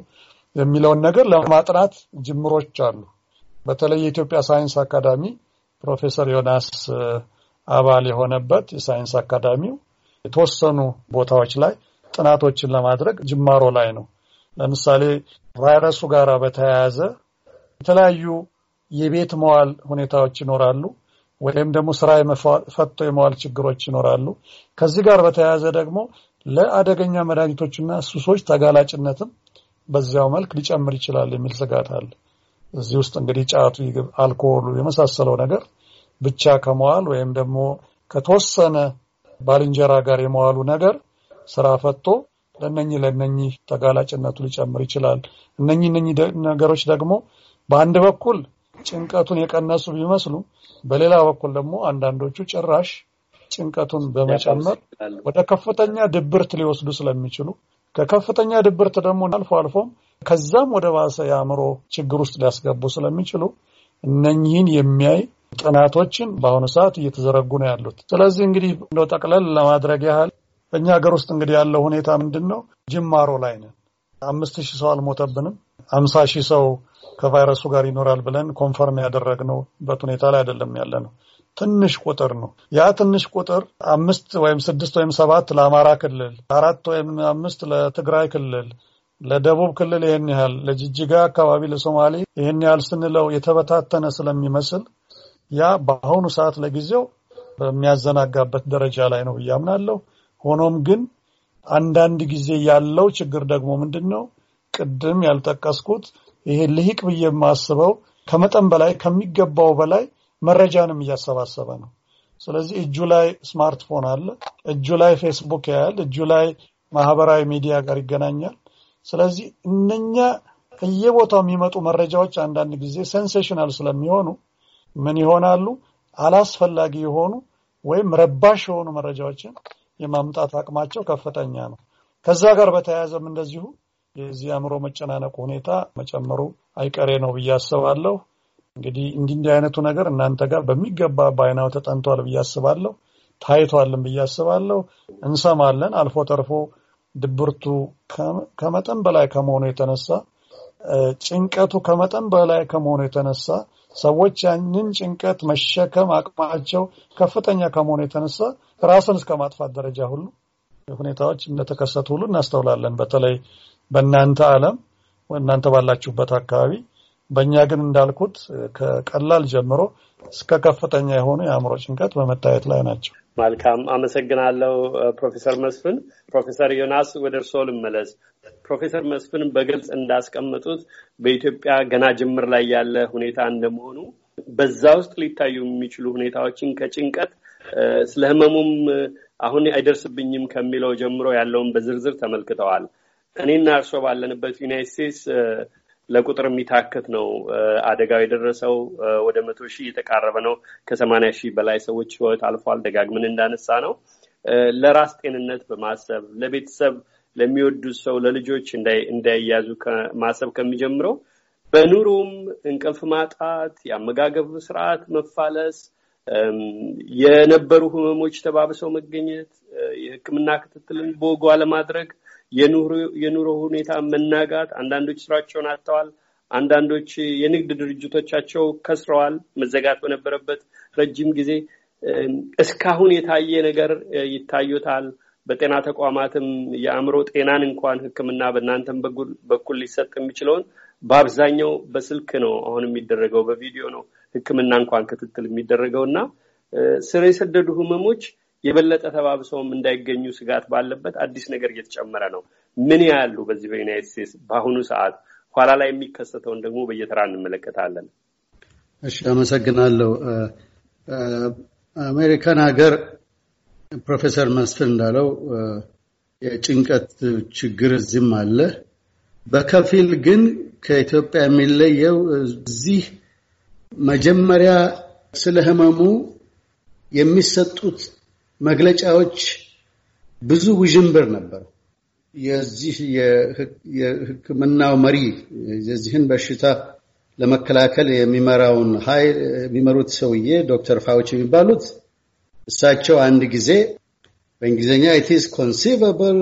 የሚለውን ነገር ለማጥናት ጅምሮች አሉ። በተለይ የኢትዮጵያ ሳይንስ አካዳሚ ፕሮፌሰር ዮናስ አባል የሆነበት የሳይንስ አካዳሚው የተወሰኑ ቦታዎች ላይ ጥናቶችን ለማድረግ ጅማሮ ላይ ነው። ለምሳሌ ቫይረሱ ጋር በተያያዘ የተለያዩ የቤት መዋል ሁኔታዎች ይኖራሉ፣ ወይም ደግሞ ስራ ፈቶ የመዋል ችግሮች ይኖራሉ። ከዚህ ጋር በተያያዘ ደግሞ ለአደገኛ መድኃኒቶችና ሱሶች ተጋላጭነትም በዚያው መልክ ሊጨምር ይችላል የሚል ስጋት አለ። እዚህ ውስጥ እንግዲህ ጫቱ፣ አልኮሉ የመሳሰለው ነገር ብቻ ከመዋል ወይም ደግሞ ከተወሰነ ባልንጀራ ጋር የመዋሉ ነገር ስራ ፈቶ ለእነኚህ ለእነኚህ ተጋላጭነቱ ሊጨምር ይችላል። እነኚህ እነኚህ ነገሮች ደግሞ በአንድ በኩል ጭንቀቱን የቀነሱ ቢመስሉ፣ በሌላ በኩል ደግሞ አንዳንዶቹ ጭራሽ ጭንቀቱን በመጨመር ወደ ከፍተኛ ድብርት ሊወስዱ ስለሚችሉ ከከፍተኛ ድብርት ደግሞ አልፎ አልፎም ከዛም ወደ ባሰ የአእምሮ ችግር ውስጥ ሊያስገቡ ስለሚችሉ እነኚህን የሚያይ ጥናቶችን በአሁኑ ሰዓት እየተዘረጉ ነው ያሉት። ስለዚህ እንግዲህ እንደው ጠቅለል ለማድረግ ያህል በእኛ ሀገር ውስጥ እንግዲህ ያለው ሁኔታ ምንድን ነው? ጅማሮ ላይ ነን። አምስት ሺህ ሰው አልሞተብንም። አምሳ ሺህ ሰው ከቫይረሱ ጋር ይኖራል ብለን ኮንፈርም ያደረግነውበት ሁኔታ ላይ አይደለም ያለ ነው። ትንሽ ቁጥር ነው። ያ ትንሽ ቁጥር አምስት ወይም ስድስት ወይም ሰባት ለአማራ ክልል፣ አራት ወይም አምስት ለትግራይ ክልል፣ ለደቡብ ክልል ይህን ያህል፣ ለጅጅጋ አካባቢ ለሶማሌ ይህን ያህል ስንለው የተበታተነ ስለሚመስል ያ በአሁኑ ሰዓት ለጊዜው በሚያዘናጋበት ደረጃ ላይ ነው ብዬ አምናለሁ። ሆኖም ግን አንዳንድ ጊዜ ያለው ችግር ደግሞ ምንድን ነው? ቅድም ያልጠቀስኩት ይሄ ልሂቅ ብዬ የማስበው ከመጠን በላይ ከሚገባው በላይ መረጃንም እያሰባሰበ ነው። ስለዚህ እጁ ላይ ስማርትፎን አለ፣ እጁ ላይ ፌስቡክ ያያል፣ እጁ ላይ ማህበራዊ ሚዲያ ጋር ይገናኛል። ስለዚህ እነኛ ከየቦታው የሚመጡ መረጃዎች አንዳንድ ጊዜ ሴንሴሽናል ስለሚሆኑ ምን ይሆናሉ? አላስፈላጊ የሆኑ ወይም ረባሽ የሆኑ መረጃዎችን የማምጣት አቅማቸው ከፍተኛ ነው። ከዛ ጋር በተያያዘም እንደዚሁ የዚህ አእምሮ መጨናነቅ ሁኔታ መጨመሩ አይቀሬ ነው ብዬ አስባለሁ። እንግዲህ እንዲህ እንዲህ አይነቱ ነገር እናንተ ጋር በሚገባ በአይናው ተጠንቷል ብዬ አስባለሁ። ታይቷልም ብዬ አስባለሁ። እንሰማለን። አልፎ ተርፎ ድብርቱ ከመጠን በላይ ከመሆኑ የተነሳ ጭንቀቱ ከመጠን በላይ ከመሆኑ የተነሳ ሰዎች ያንን ጭንቀት መሸከም አቅማቸው ከፍተኛ ከመሆኑ የተነሳ ራስን እስከ ማጥፋት ደረጃ ሁሉ ሁኔታዎች እንደተከሰቱ ሁሉ እናስተውላለን። በተለይ በእናንተ ዓለም እናንተ ባላችሁበት አካባቢ በእኛ ግን እንዳልኩት ከቀላል ጀምሮ እስከ ከፍተኛ የሆኑ የአእምሮ ጭንቀት በመታየት ላይ ናቸው። መልካም አመሰግናለሁ ፕሮፌሰር መስፍን። ፕሮፌሰር ዮናስ ወደ እርስዎ ልመለስ። ፕሮፌሰር መስፍን በግልጽ እንዳስቀመጡት በኢትዮጵያ ገና ጅምር ላይ ያለ ሁኔታ እንደመሆኑ በዛ ውስጥ ሊታዩ የሚችሉ ሁኔታዎችን ከጭንቀት ስለ ህመሙም አሁን አይደርስብኝም ከሚለው ጀምሮ ያለውን በዝርዝር ተመልክተዋል። እኔና እርስዎ ባለንበት ዩናይት ስቴትስ ለቁጥር የሚታከት ነው። አደጋው የደረሰው ወደ መቶ ሺህ የተቃረበ ነው። ከሰማንያ ሺህ በላይ ሰዎች ህይወት አልፏል። ደጋግምን እንዳነሳ ነው ለራስ ጤንነት በማሰብ ለቤተሰብ ለሚወዱት ሰው ለልጆች እንዳይያዙ ማሰብ ከሚጀምረው በኑሮም እንቅልፍ ማጣት፣ የአመጋገብ ስርዓት መፋለስ፣ የነበሩ ህመሞች ተባብሰው መገኘት፣ የህክምና ክትትልን በወጉ አለማድረግ የኑሮ ሁኔታ መናጋት፣ አንዳንዶች ስራቸውን አጥተዋል። አንዳንዶች የንግድ ድርጅቶቻቸው ከስረዋል። መዘጋት በነበረበት ረጅም ጊዜ እስካሁን የታየ ነገር ይታዩታል። በጤና ተቋማትም የአእምሮ ጤናን እንኳን ሕክምና በእናንተም በኩል ሊሰጥ የሚችለውን በአብዛኛው በስልክ ነው አሁን የሚደረገው፣ በቪዲዮ ነው ሕክምና እንኳን ክትትል የሚደረገው እና ስር የሰደዱ ህመሞች የበለጠ ተባብሰውም እንዳይገኙ ስጋት ባለበት አዲስ ነገር እየተጨመረ ነው። ምን ያሉ በዚህ በዩናይት ስቴትስ በአሁኑ ሰዓት ኋላ ላይ የሚከሰተውን ደግሞ በየተራ እንመለከታለን። እሺ፣ አመሰግናለሁ። አሜሪካን ሀገር ፕሮፌሰር መስፍን እንዳለው የጭንቀት ችግር እዚህም አለ። በከፊል ግን ከኢትዮጵያ የሚለየው እዚህ መጀመሪያ ስለ ህመሙ የሚሰጡት መግለጫዎች ብዙ ውዥንብር ነበሩ። የዚህ የሕክምናው መሪ የዚህን በሽታ ለመከላከል የሚመራውን ኃይል የሚመሩት ሰውዬ ዶክተር ፋውች የሚባሉት እሳቸው አንድ ጊዜ በእንግሊዝኛ ኢትስ ኮንሲቨብል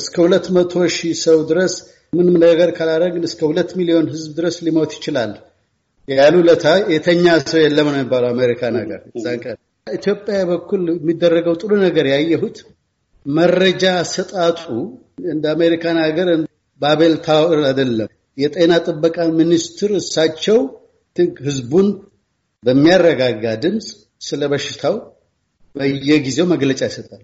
እስከ ሁለት መቶ ሺህ ሰው ድረስ ምንም ነገር ካላደረግን እስከ ሁለት ሚሊዮን ህዝብ ድረስ ሊሞት ይችላል ያሉ ለታ የተኛ ሰው የለም ነው የሚባለው አሜሪካ ነገር። ኢትዮጵያ በኩል የሚደረገው ጥሩ ነገር ያየሁት መረጃ አሰጣጡ እንደ አሜሪካን ሀገር ባቤል ታወር አይደለም። የጤና ጥበቃ ሚኒስትር እሳቸው ህዝቡን በሚያረጋጋ ድምፅ ስለ በሽታው በየጊዜው መግለጫ ይሰጣል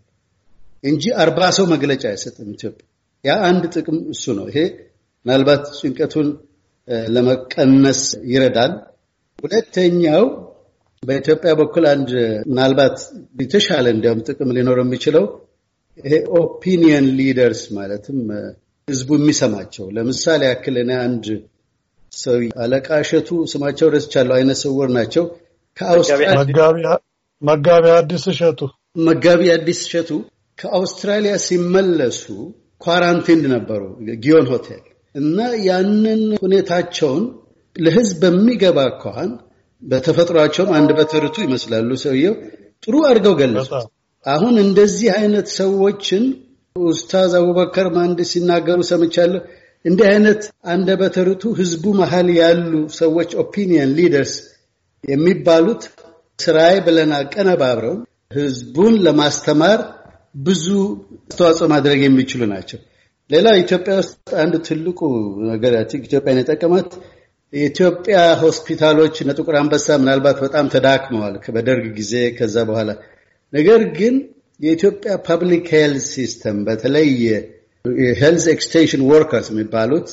እንጂ አርባ ሰው መግለጫ አይሰጥም ኢትዮጵያ። ያ አንድ ጥቅም እሱ ነው። ይሄ ምናልባት ጭንቀቱን ለመቀነስ ይረዳል። ሁለተኛው በኢትዮጵያ በኩል አንድ ምናልባት የተሻለ እንዲያውም ጥቅም ሊኖር የሚችለው ይሄ ኦፒኒየን ሊደርስ ማለትም ህዝቡ የሚሰማቸው ለምሳሌ ያክል እኔ አንድ ሰው አለቃ እሸቱ ስማቸው ረስቻለሁ፣ አይነ ስውር ናቸው። መጋቢ አዲስ እሸቱ መጋቢ አዲስ እሸቱ ከአውስትራሊያ ሲመለሱ ኳራንቲንድ ነበሩ ጊዮን ሆቴል እና ያንን ሁኔታቸውን ለህዝብ በሚገባ ከኋን በተፈጥሯቸውም አንድ በትርቱ ይመስላሉ። ሰውየው ጥሩ አድርገው ገለጹት። አሁን እንደዚህ አይነት ሰዎችን ኡስታዝ አቡበከር ማንድ ሲናገሩ ሰምቻለሁ። እንዲህ አይነት አንድ በትርቱ ህዝቡ መሀል ያሉ ሰዎች ኦፒኒየን ሊደርስ የሚባሉት ስራዬ ብለን አቀነባብረው ህዝቡን ለማስተማር ብዙ አስተዋጽኦ ማድረግ የሚችሉ ናቸው። ሌላ ኢትዮጵያ ውስጥ አንድ ትልቁ ነገር ኢትዮጵያን የጠቀማት የኢትዮጵያ ሆስፒታሎች እነ ጥቁር አንበሳ ምናልባት በጣም ተዳክመዋል በደርግ ጊዜ ከዛ በኋላ። ነገር ግን የኢትዮጵያ ፐብሊክ ሄልዝ ሲስተም በተለይ ሄልዝ ኤክስቴንሽን ወርከርስ የሚባሉት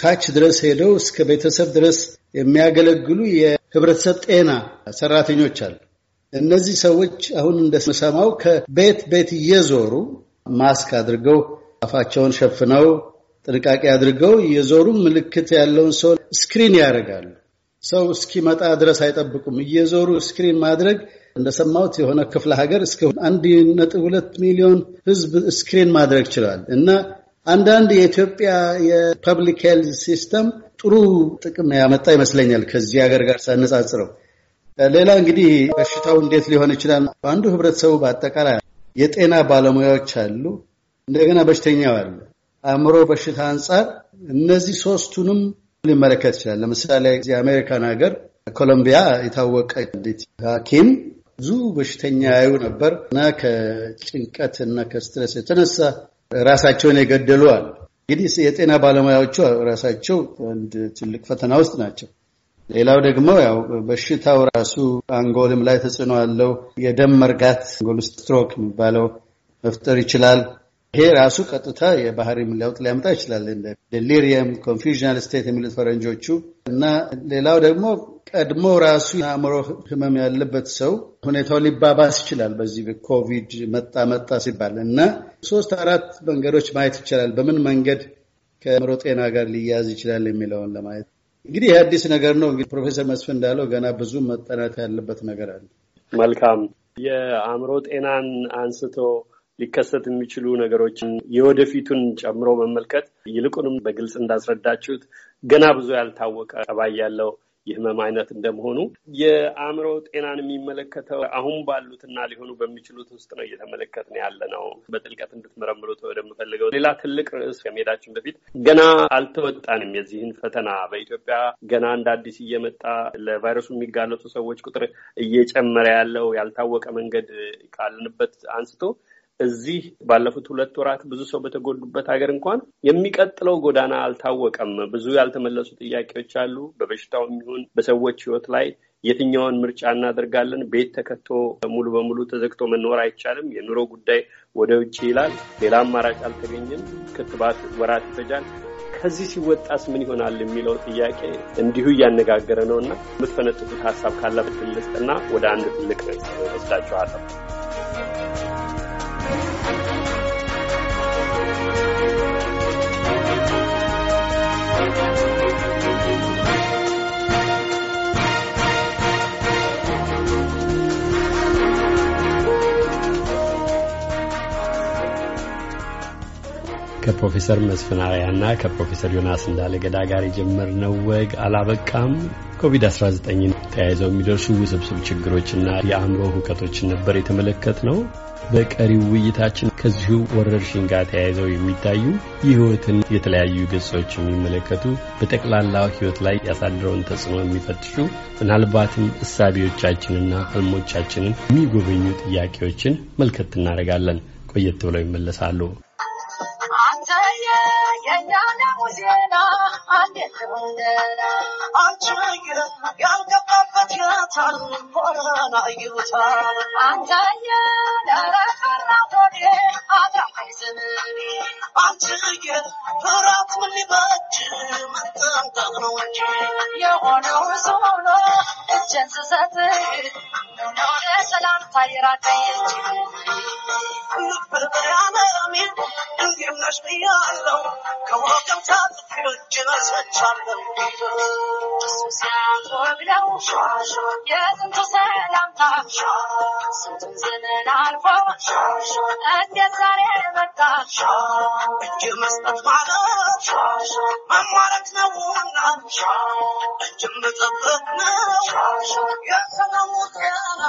ታች ድረስ ሄደው እስከ ቤተሰብ ድረስ የሚያገለግሉ የህብረተሰብ ጤና ሰራተኞች አሉ። እነዚህ ሰዎች አሁን እንደሰማው ከቤት ቤት እየዞሩ ማስክ አድርገው አፋቸውን ሸፍነው ጥንቃቄ አድርገው እየዞሩ ምልክት ያለውን ሰው ስክሪን ያደርጋሉ። ሰው እስኪመጣ ድረስ አይጠብቁም። እየዞሩ ስክሪን ማድረግ እንደሰማሁት የሆነ ክፍለ ሀገር እስከ አንድ ነጥብ ሁለት ሚሊዮን ህዝብ ስክሪን ማድረግ ችሏል እና አንዳንድ የኢትዮጵያ የፐብሊክ ሄልዝ ሲስተም ጥሩ ጥቅም ያመጣ ይመስለኛል ከዚህ ሀገር ጋር ሳነጻጽረው። ሌላ እንግዲህ በሽታው እንዴት ሊሆን ይችላል? አንዱ ህብረተሰቡ በአጠቃላይ የጤና ባለሙያዎች አሉ፣ እንደገና በሽተኛው አሉ። አእምሮ በሽታ አንጻር እነዚህ ሶስቱንም ሊመለከት ይችላል። ለምሳሌ አሜሪካን ሀገር ኮሎምቢያ የታወቀ ሐኪም ብዙ በሽተኛ ያዩ ነበር እና ከጭንቀት እና ከስትረስ የተነሳ ራሳቸውን የገደሉ አሉ። እንግዲህ የጤና ባለሙያዎቹ ራሳቸው አንድ ትልቅ ፈተና ውስጥ ናቸው። ሌላው ደግሞ ያው በሽታው ራሱ አንጎልም ላይ ተጽዕኖ አለው። የደም መርጋት አንጎል ስትሮክ የሚባለው መፍጠር ይችላል። ይሄ ራሱ ቀጥታ የባህሪ ለውጥ ሊያመጣ ይችላል። ዴሊሪየም፣ ኮንፊዥናል ስቴት የሚሉት ፈረንጆቹ እና ሌላው ደግሞ ቀድሞ ራሱ የአእምሮ ህመም ያለበት ሰው ሁኔታው ሊባባስ ይችላል። በዚህ ኮቪድ መጣ መጣ ሲባል እና ሶስት አራት መንገዶች ማየት ይቻላል። በምን መንገድ ከአእምሮ ጤና ጋር ሊያያዝ ይችላል የሚለውን ለማየት እንግዲህ ይህ አዲስ ነገር ነው። እንግዲህ ፕሮፌሰር መስፍን እንዳለው ገና ብዙ መጠናት ያለበት ነገር አለ። መልካም የአእምሮ ጤናን አንስቶ ሊከሰት የሚችሉ ነገሮችን የወደፊቱን ጨምሮ መመልከት ይልቁንም በግልጽ እንዳስረዳችሁት ገና ብዙ ያልታወቀ ጠባይ ያለው የህመም አይነት እንደመሆኑ የአእምሮ ጤናን የሚመለከተው አሁን ባሉትና ሊሆኑ በሚችሉት ውስጥ ነው እየተመለከትን ያለ ነው። በጥልቀት እንድትመረምሩት ወደምፈልገው ሌላ ትልቅ ርዕስ ከመሄዳችን በፊት ገና አልተወጣንም የዚህን ፈተና በኢትዮጵያ ገና እንደ አዲስ እየመጣ ለቫይረሱ የሚጋለጡ ሰዎች ቁጥር እየጨመረ ያለው ያልታወቀ መንገድ ካለንበት አንስቶ እዚህ ባለፉት ሁለት ወራት ብዙ ሰው በተጎዱበት ሀገር እንኳን የሚቀጥለው ጎዳና አልታወቀም። ብዙ ያልተመለሱ ጥያቄዎች አሉ። በበሽታው የሚሆን በሰዎች ሕይወት ላይ የትኛውን ምርጫ እናደርጋለን? ቤት ተከቶ ሙሉ በሙሉ ተዘግቶ መኖር አይቻልም። የኑሮ ጉዳይ ወደ ውጭ ይላል። ሌላ አማራጭ አልተገኘም። ክትባት ወራት ይፈጃል። ከዚህ ሲወጣስ ምን ይሆናል የሚለው ጥያቄ እንዲሁ እያነጋገረ ነው እና የምትፈነጥቁት ሀሳብ ካለበት ልስጥና ወደ አንድ ትልቅ ነ ወስዳችኋለሁ። ከፕሮፌሰር መስፍን አርአያና ከፕሮፌሰር ዮናስ እንዳለገዳ ጋር የጀመርነው ወግ አላበቃም። ኮቪድ-19 ተያይዘው የሚደርሱ ውስብስብ ችግሮችና የአእምሮ ሁከቶችን ነበር የተመለከት ነው። በቀሪው ውይይታችን ከዚሁ ወረርሽኝ ጋር ተያይዘው የሚታዩ የህይወትን የተለያዩ ገጾች የሚመለከቱ በጠቅላላው ህይወት ላይ ያሳድረውን ተጽዕኖ የሚፈትሹ ምናልባትም እሳቢዎቻችንና ህልሞቻችንን የሚጎበኙ ጥያቄዎችን መልከት እናደርጋለን። ቆየት ብለው ይመለሳሉ። Diane! የእኛን ሙዜና አንዴት ሙዜና አንቺ ያልገባበት ያታል ሆነና እይሉታል አንተየ ለረፈራ ሆዴ አድራቀኝ ዘመኔ አንቺ ፍራት ምን ሊበጅ መጠንቀቅ ነው እንጂ የሆነው ሰሆኖ እጀን ስሰጥ ሆነ ሰላምታ የራቀኝ እንጂ ነበር ያለሜ እንዲምነሽ ብያለው የጥንቱ ሰላምታ ስንቱን ዘመን አልፎ እንዴት ዛሬ መጣ። እጅ መስጠት ማለት መማረክ ነውና እጅ መጠበቅ ነው የሰላሙ ጤና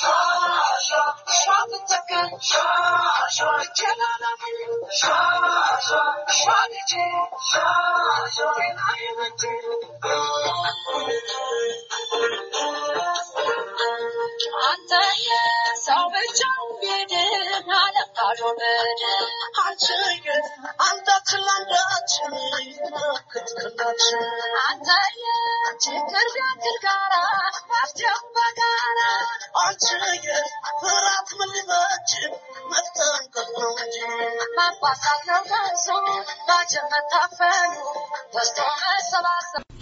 Şanlı takın. Kenara bir. Şanlıcı. Şanlıcı. Antaya savcı bir hala karolere.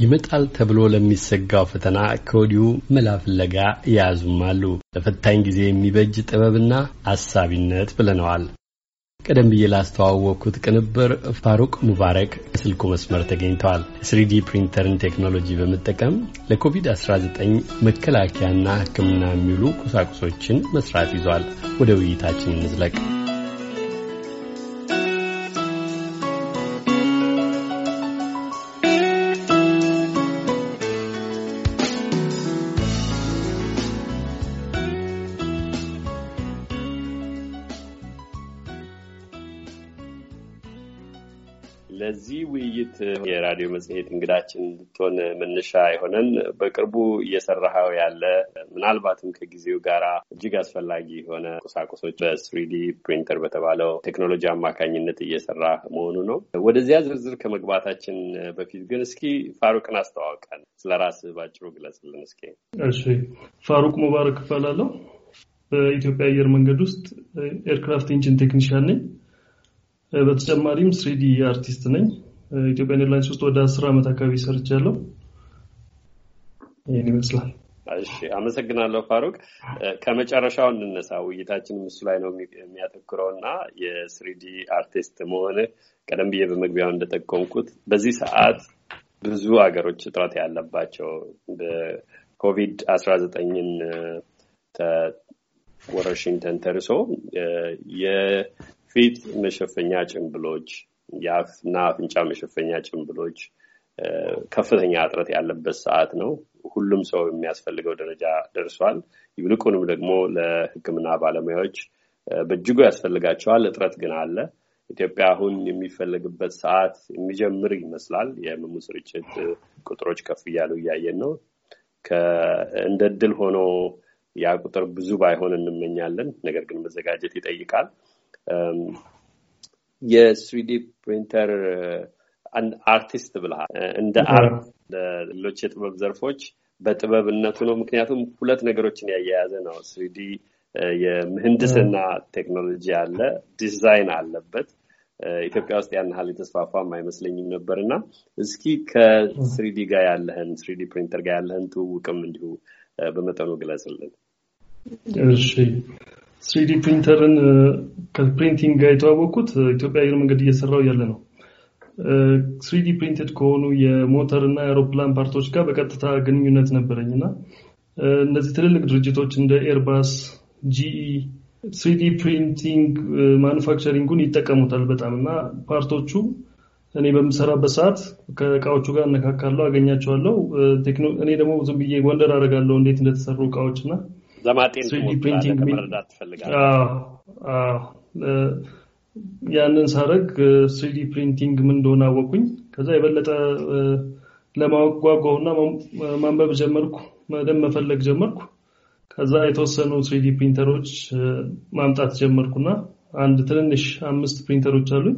ይመጣል ተብሎ ለሚሰጋው ፈተና ከወዲሁ መላ ፍለጋ ያዙም አሉ። ለፈታኝ ጊዜ የሚበጅ ጥበብና አሳቢነት ብለነዋል። ቀደም ብዬ ላስተዋወቅኩት ቅንብር ፋሩቅ ሙባረክ ስልኩ መስመር ተገኝተዋል። ስሪዲ ፕሪንተርን ቴክኖሎጂ በመጠቀም ለኮቪድ-19 መከላከያና ሕክምና የሚውሉ ቁሳቁሶችን መስራት ይዟል። ወደ ውይይታችን እንዝለቅ። ራዲዮ መጽሔት እንግዳችን እንድትሆን መነሻ የሆነን በቅርቡ እየሰራኸው ያለ ምናልባትም ከጊዜው ጋር እጅግ አስፈላጊ የሆነ ቁሳቁሶች በስሪዲ ፕሪንተር በተባለው ቴክኖሎጂ አማካኝነት እየሰራ መሆኑ ነው። ወደዚያ ዝርዝር ከመግባታችን በፊት ግን እስኪ ፋሩቅን አስተዋውቀን፣ ስለ ራስህ ባጭሩ ግለጽልን እስኪ። እሺ፣ ፋሩቅ ሙባረክ እባላለሁ። በኢትዮጵያ አየር መንገድ ውስጥ ኤርክራፍት ኢንጂን ቴክኒሽያን ነኝ። በተጨማሪም ስሪዲ አርቲስት ነኝ። ኢትዮጵያን ኤርላይንስ ውስጥ ወደ አስር ዓመት አካባቢ ሰርቻለሁ። ይህን ይመስላል። እሺ፣ አመሰግናለሁ ፋሩቅ። ከመጨረሻው እንነሳ። ውይይታችን እሱ ላይ ነው የሚያተኩረው እና የስሪዲ አርቲስት መሆንህ ቀደም ብዬ በመግቢያው እንደጠቆምኩት በዚህ ሰዓት ብዙ ሀገሮች እጥረት ያለባቸው በኮቪድ አስራ ዘጠኝን ወረርሽኝ ተንተርሶ የፊት መሸፈኛ ጭንብሎች የአፍና አፍንጫ መሸፈኛ ጭንብሎች ከፍተኛ እጥረት ያለበት ሰዓት ነው። ሁሉም ሰው የሚያስፈልገው ደረጃ ደርሷል። ይልቁንም ደግሞ ለሕክምና ባለሙያዎች በእጅጉ ያስፈልጋቸዋል። እጥረት ግን አለ። ኢትዮጵያ አሁን የሚፈለግበት ሰዓት የሚጀምር ይመስላል። የህመሙ ስርጭት ቁጥሮች ከፍ እያሉ እያየን ነው። እንደ ድል ሆኖ ያ ቁጥር ብዙ ባይሆን እንመኛለን። ነገር ግን መዘጋጀት ይጠይቃል። የስሪዲ ፕሪንተር አርቲስት ብልሃል እንደ አርት ሌሎች የጥበብ ዘርፎች በጥበብነቱ ነው። ምክንያቱም ሁለት ነገሮችን ያያያዘ ነው። ስሪዲ የምህንድስና ቴክኖሎጂ አለ፣ ዲዛይን አለበት። ኢትዮጵያ ውስጥ ያን ያህል የተስፋፋም አይመስለኝም ነበር እና እስኪ ከስሪዲ ጋር ያለህን ስሪዲ ፕሪንተር ጋር ያለህን ትውውቅም እንዲሁ በመጠኑ ግለጽልን። እሺ ስሪዲ ፕሪንተርን ከፕሪንቲንግ ጋር የተዋወቅኩት ኢትዮጵያ አየር መንገድ እየሰራው ያለ ነው። ስሪዲ ፕሪንትድ ከሆኑ የሞተር እና የአውሮፕላን ፓርቶች ጋር በቀጥታ ግንኙነት ነበረኝ እና እነዚህ ትልልቅ ድርጅቶች እንደ ኤርባስ፣ ጂኢ ስሪዲ ፕሪንቲንግ ማኑፋክቸሪንጉን ይጠቀሙታል በጣም እና ፓርቶቹ እኔ በምሰራበት ሰዓት ከእቃዎቹ ጋር እነካካለው፣ አገኛቸዋለው። እኔ ደግሞ ዝም ብዬ ጎንደር አደርጋለሁ እንዴት እንደተሰሩ እቃዎች እና ትፈልጋለህ? ያንን ሳረግ ስሪዲ ፕሪንቲንግ ምን እንደሆነ አወቁኝ። ከዛ የበለጠ ለማወቅ ጓጓሁና ማንበብ ጀመርኩ፣ በደንብ መፈለግ ጀመርኩ። ከዛ የተወሰኑ ስሪዲ ፕሪንተሮች ማምጣት ጀመርኩና አንድ ትንንሽ አምስት ፕሪንተሮች አሉኝ።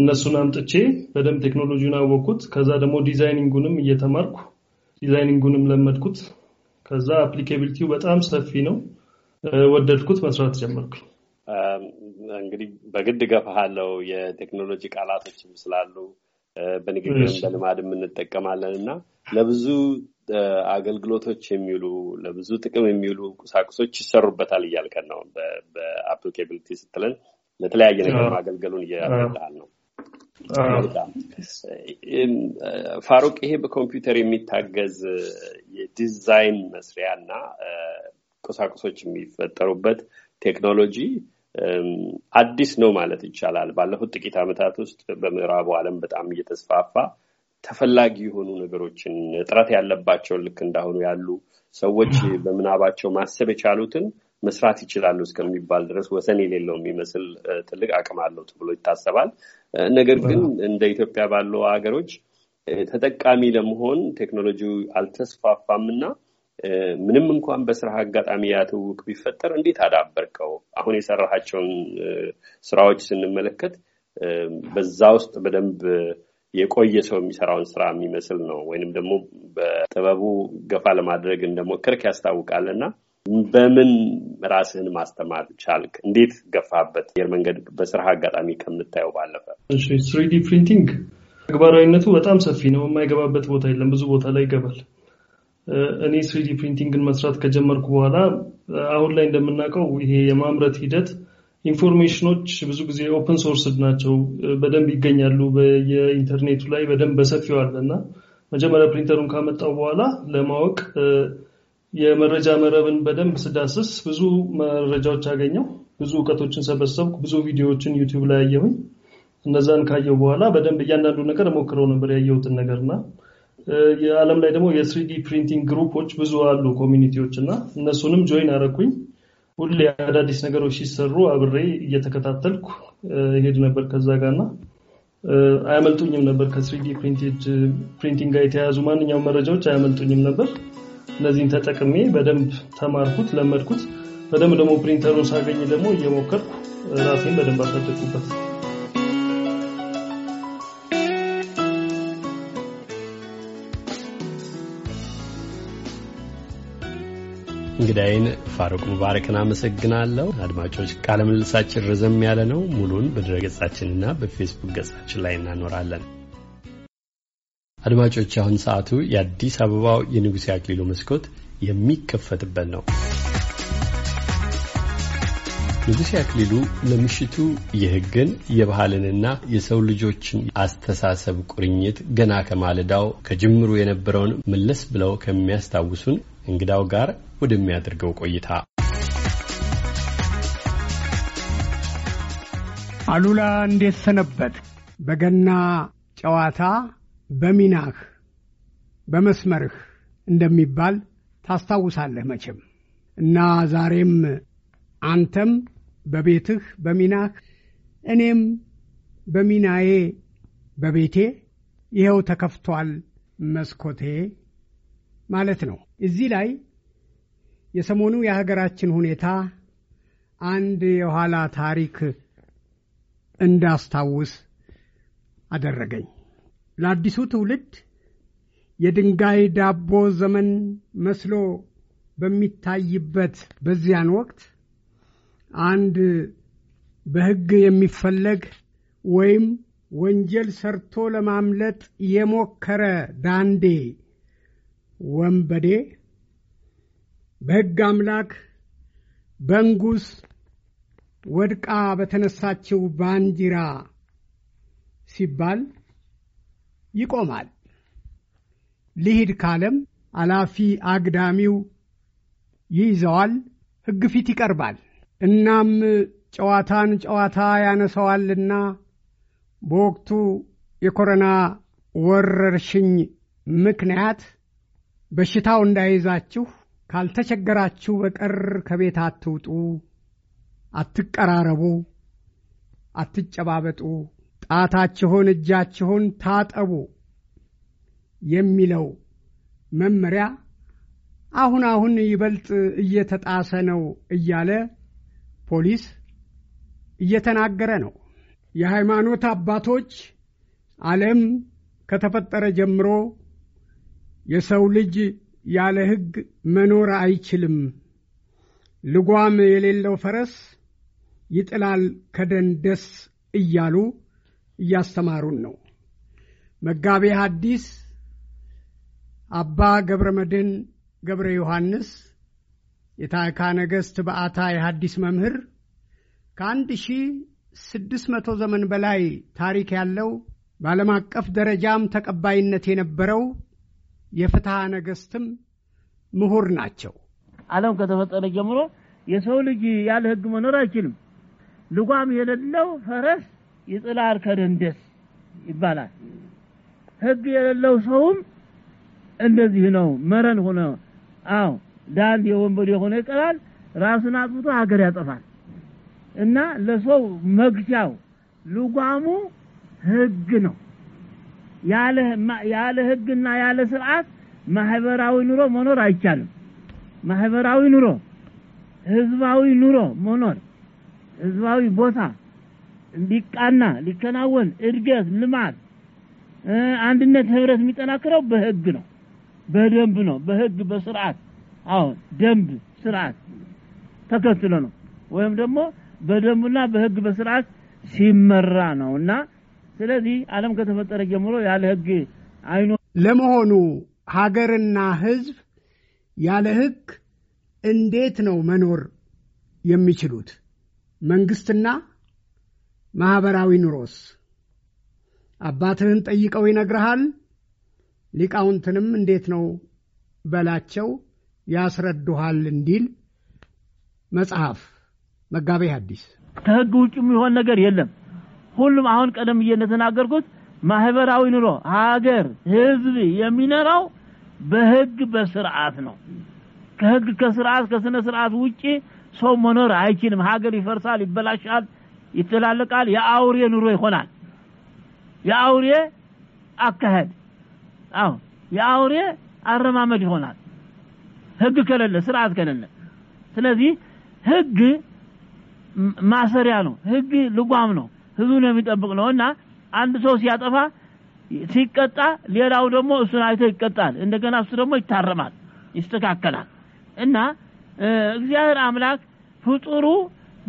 እነሱን አምጥቼ በደንብ ቴክኖሎጂውን አወቅኩት። ከዛ ደግሞ ዲዛይኒንጉንም እየተማርኩ ዲዛይኒንጉንም ለመድኩት። ከዛ አፕሊኬቢሊቲው በጣም ሰፊ ነው። ወደድኩት፣ መስራት ጀመርኩ። እንግዲህ በግድ ገፋሃለው የቴክኖሎጂ ቃላቶችም ስላሉ በንግግርም በልማድም እንጠቀማለን እና ለብዙ አገልግሎቶች የሚውሉ ለብዙ ጥቅም የሚውሉ ቁሳቁሶች ይሰሩበታል እያልከን ነው። በአፕሊኬቢሊቲ ስትለን ለተለያየ ነገር ማገልገሉን እያገልልሃል ነው። ፋሩቅ፣ ይሄ በኮምፒውተር የሚታገዝ የዲዛይን መስሪያ እና ቁሳቁሶች የሚፈጠሩበት ቴክኖሎጂ አዲስ ነው ማለት ይቻላል። ባለፉት ጥቂት ዓመታት ውስጥ በምዕራቡ ዓለም በጣም እየተስፋፋ ተፈላጊ የሆኑ ነገሮችን እጥረት ያለባቸውን ልክ እንዳሁኑ ያሉ ሰዎች በምናባቸው ማሰብ የቻሉትን መስራት ይችላሉ እስከሚባል ድረስ ወሰን የሌለው የሚመስል ትልቅ አቅም አለው ተብሎ ይታሰባል። ነገር ግን እንደ ኢትዮጵያ ባሉ ሀገሮች ተጠቃሚ ለመሆን ቴክኖሎጂው አልተስፋፋም እና ምንም እንኳን በስራ አጋጣሚ ያ ቢፈጠር እንዴት አዳበርከው? አሁን የሰራሃቸውን ስራዎች ስንመለከት በዛ ውስጥ በደንብ የቆየ ሰው የሚሰራውን ስራ የሚመስል ነው፣ ወይንም ደግሞ በጥበቡ ገፋ ለማድረግ እንደሞከርክ ያስታውቃል እና በምን ራስህን ማስተማር ቻልክ? እንዴት ገፋበት? አየር መንገድ በስራ አጋጣሚ ከምታየው ባለፈ ስሪዲ ፕሪንቲንግ ተግባራዊነቱ በጣም ሰፊ ነው። የማይገባበት ቦታ የለም። ብዙ ቦታ ላይ ይገባል። እኔ ስሪዲ ፕሪንቲንግን መስራት ከጀመርኩ በኋላ አሁን ላይ እንደምናውቀው ይሄ የማምረት ሂደት ኢንፎርሜሽኖች ብዙ ጊዜ ኦፕን ሶርስ ናቸው፣ በደንብ ይገኛሉ። የኢንተርኔቱ ላይ በደንብ በሰፊው አለ እና መጀመሪያ ፕሪንተሩን ካመጣው በኋላ ለማወቅ የመረጃ መረብን በደንብ ስዳስስ ብዙ መረጃዎች አገኘው፣ ብዙ እውቀቶችን ሰበሰብኩ፣ ብዙ ቪዲዮዎችን ዩቲዩብ ላይ አየሁኝ። እነዛን ካየው በኋላ በደንብ እያንዳንዱ ነገር ሞክረው ነበር ያየሁትን ነገር እና የዓለም ላይ ደግሞ የስሪዲ ፕሪንቲንግ ግሩፖች ብዙ አሉ ኮሚኒቲዎች እና እነሱንም ጆይን አረኩኝ። ሁሌ አዳዲስ ነገሮች ሲሰሩ አብሬ እየተከታተልኩ ሄድ ነበር ከዛ ጋር እና አያመልጡኝም ነበር ከስሪዲ ፕሪንቲንግ ጋር የተያያዙ ማንኛውም መረጃዎች አያመልጡኝም ነበር። እነዚህን ተጠቅሜ በደንብ ተማርኩት፣ ለመድኩት። በደንብ ደግሞ ፕሪንተሩን ሳገኝ ደግሞ እየሞከርኩ ራሴን በደንብ አሳደግኩበት። እንግዳይን ፋሩቅ ሙባረክን አመሰግናለሁ። አድማጮች ቃለ ምልልሳችን ረዘም ያለ ነው። ሙሉን በድረ ገጻችንና በፌስቡክ ገጻችን ላይ እናኖራለን። አድማጮች፣ አሁን ሰዓቱ የአዲስ አበባው የንጉሴ አክሊሉ መስኮት የሚከፈትበት ነው። ንጉሴ አክሊሉ ለምሽቱ የሕግን የባህልንና የሰው ልጆችን አስተሳሰብ ቁርኝት ገና ከማለዳው ከጅምሩ የነበረውን መለስ ብለው ከሚያስታውሱን እንግዳው ጋር ወደሚያደርገው ቆይታ አሉላ፣ እንዴት ሰነበት? በገና ጨዋታ በሚናህ በመስመርህ እንደሚባል ታስታውሳለህ መቼም እና ዛሬም አንተም በቤትህ በሚናህ እኔም በሚናዬ በቤቴ ይኸው ተከፍቷል መስኮቴ ማለት ነው። እዚህ ላይ የሰሞኑ የሀገራችን ሁኔታ አንድ የኋላ ታሪክ እንዳስታውስ አደረገኝ። ለአዲሱ ትውልድ የድንጋይ ዳቦ ዘመን መስሎ በሚታይበት በዚያን ወቅት አንድ በሕግ የሚፈለግ ወይም ወንጀል ሰርቶ ለማምለጥ የሞከረ ዳንዴ ወንበዴ በሕግ አምላክ በንጉሥ ወድቃ በተነሳችው ባንዲራ ሲባል ይቆማል። ሊሂድ ካለም አላፊ አግዳሚው ይይዘዋል፣ ሕግ ፊት ይቀርባል። እናም ጨዋታን ጨዋታ ያነሰዋልና በወቅቱ የኮሮና ወረርሽኝ ምክንያት በሽታው እንዳይዛችሁ ካልተቸገራችሁ በቀር ከቤት አትውጡ፣ አትቀራረቡ፣ አትጨባበጡ ጣታችሁን እጃችሁን ታጠቡ የሚለው መመሪያ አሁን አሁን ይበልጥ እየተጣሰ ነው እያለ ፖሊስ እየተናገረ ነው። የሃይማኖት አባቶች ዓለም ከተፈጠረ ጀምሮ የሰው ልጅ ያለ ሕግ መኖር አይችልም፣ ልጓም የሌለው ፈረስ ይጥላል ከደን ደስ እያሉ እያስተማሩን ነው። መጋቤ ሐዲስ አባ ገብረ መድን ገብረ ዮሐንስ የታዕካ ነገሥት በዓታ የሐዲስ መምህር ከአንድ ሺ ስድስት መቶ ዘመን በላይ ታሪክ ያለው በዓለም አቀፍ ደረጃም ተቀባይነት የነበረው የፍትሐ ነገሥትም ምሁር ናቸው። ዓለም ከተፈጠረ ጀምሮ የሰው ልጅ ያለ ሕግ መኖር አይችልም። ልጓም የሌለው ፈረስ ይጥላል ከደንደስ ይባላል። ህግ የሌለው ሰውም እንደዚህ ነው። መረን ሆነ አዎ ዳንድ የወንበዴ የሆነ ይቀራል። ራሱን አጥፍቶ ሀገር ያጠፋል። እና ለሰው መግቻው ልጓሙ ህግ ነው። ያለ ህግና ያለ ስርዓት ማህበራዊ ኑሮ መኖር አይቻልም። ማህበራዊ ኑሮ፣ ህዝባዊ ኑሮ መኖር ህዝባዊ ቦታ ሊቃና ሊከናወን እድገት፣ ልማት፣ አንድነት፣ ህብረት የሚጠናክረው በህግ ነው፣ በደንብ ነው፣ በህግ በስርዓት አሁን ደንብ ስርዓት ተከትሎ ነው ወይም ደግሞ በደንብና በህግ በስርዓት ሲመራ ነው እና ስለዚህ አለም ከተፈጠረ ጀምሮ ያለ ህግ አይኖ ለመሆኑ ሀገርና ህዝብ ያለ ህግ እንዴት ነው መኖር የሚችሉት? መንግስትና ማኅበራዊ ኑሮስ? አባትህን ጠይቀው ይነግረሃል ሊቃውንትንም እንዴት ነው በላቸው ያስረዱሃል እንዲል መጽሐፍ መጋቤ ሐዲስ ከሕግ ውጭ የሚሆን ነገር የለም። ሁሉም አሁን ቀደም ብዬ እንደተናገርኩት ማህበራዊ ኑሮ ሀገር፣ ህዝብ የሚኖረው በህግ በስርዓት ነው። ከህግ ከስርዓት ከስነ ስርዓት ውጭ ሰው መኖር አይችልም። ሀገር ይፈርሳል፣ ይበላሻል፣ ይተላለቃል የአውሬ ኑሮ ይሆናል የአውሬ አካሄድ አዎ የአውሬ አረማመድ ይሆናል ህግ ከሌለ ስርዓት ከሌለ ስለዚህ ህግ ማሰሪያ ነው ህግ ልጓም ነው ህዝቡን የሚጠብቅ ነው እና አንድ ሰው ሲያጠፋ ሲቀጣ ሌላው ደግሞ እሱን አይቶ ይቀጣል እንደገና እሱ ደግሞ ይታረማል ይስተካከላል እና እግዚአብሔር አምላክ ፍጡሩ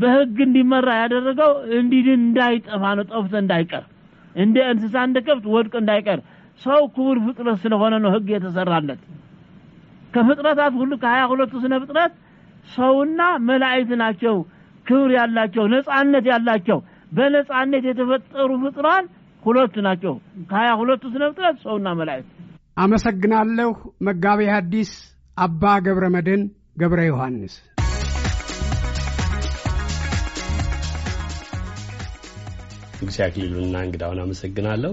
በህግ እንዲመራ ያደረገው እንዲድ እንዳይጠፋ ነው፣ ጠፍቶ እንዳይቀር እንደ እንስሳ እንደ ከብት እንዳይቀር። ሰው ክቡር ፍጥረት ስለሆነ ነው ህግ የተሰራለት። ከፍጥረታት ሁሉ ከሀያ ሁለቱ ስነ ፍጥረት ሰውና መላእክት ናቸው ክብር ያላቸው ነጻነት ያላቸው በነጻነት የተፈጠሩ ፍጥራን ሁለቱ ናቸው። ከሀያ ሁለቱ ስነ ፍጥረት ሰውና መላእክት። አመሰግናለሁ መጋቤ ሐዲስ አባ ገብረ መድን ገብረ ዮሐንስ። ንጉሴ አክሊሉና እንግዳውን አመሰግናለሁ።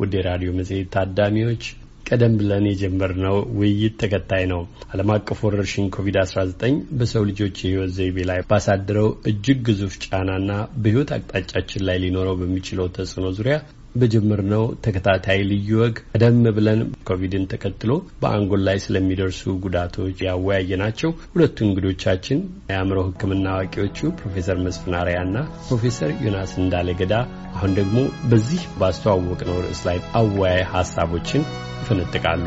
ውድ የራዲዮ መጽሔት ታዳሚዎች ቀደም ብለን የጀመርነው ውይይት ተከታይ ነው። ዓለም አቀፍ ወረርሽኝ ኮቪድ-19 በሰው ልጆች የህይወት ዘይቤ ላይ ባሳደረው እጅግ ግዙፍ ጫናና በህይወት አቅጣጫችን ላይ ሊኖረው በሚችለው ተጽዕኖ ዙሪያ ነው ተከታታይ ልዩ ወግ ቀደም ብለን ኮቪድን ተከትሎ በአንጎል ላይ ስለሚደርሱ ጉዳቶች ያወያየ ናቸው። ሁለቱ እንግዶቻችን የአእምሮ ሕክምና አዋቂዎቹ ፕሮፌሰር መስፍን እና ፕሮፌሰር ዮናስ እንዳለገዳ አሁን ደግሞ በዚህ ባስተዋወቅነው ርዕስ ላይ አወያይ ሀሳቦችን ይፈነጥቃሉ።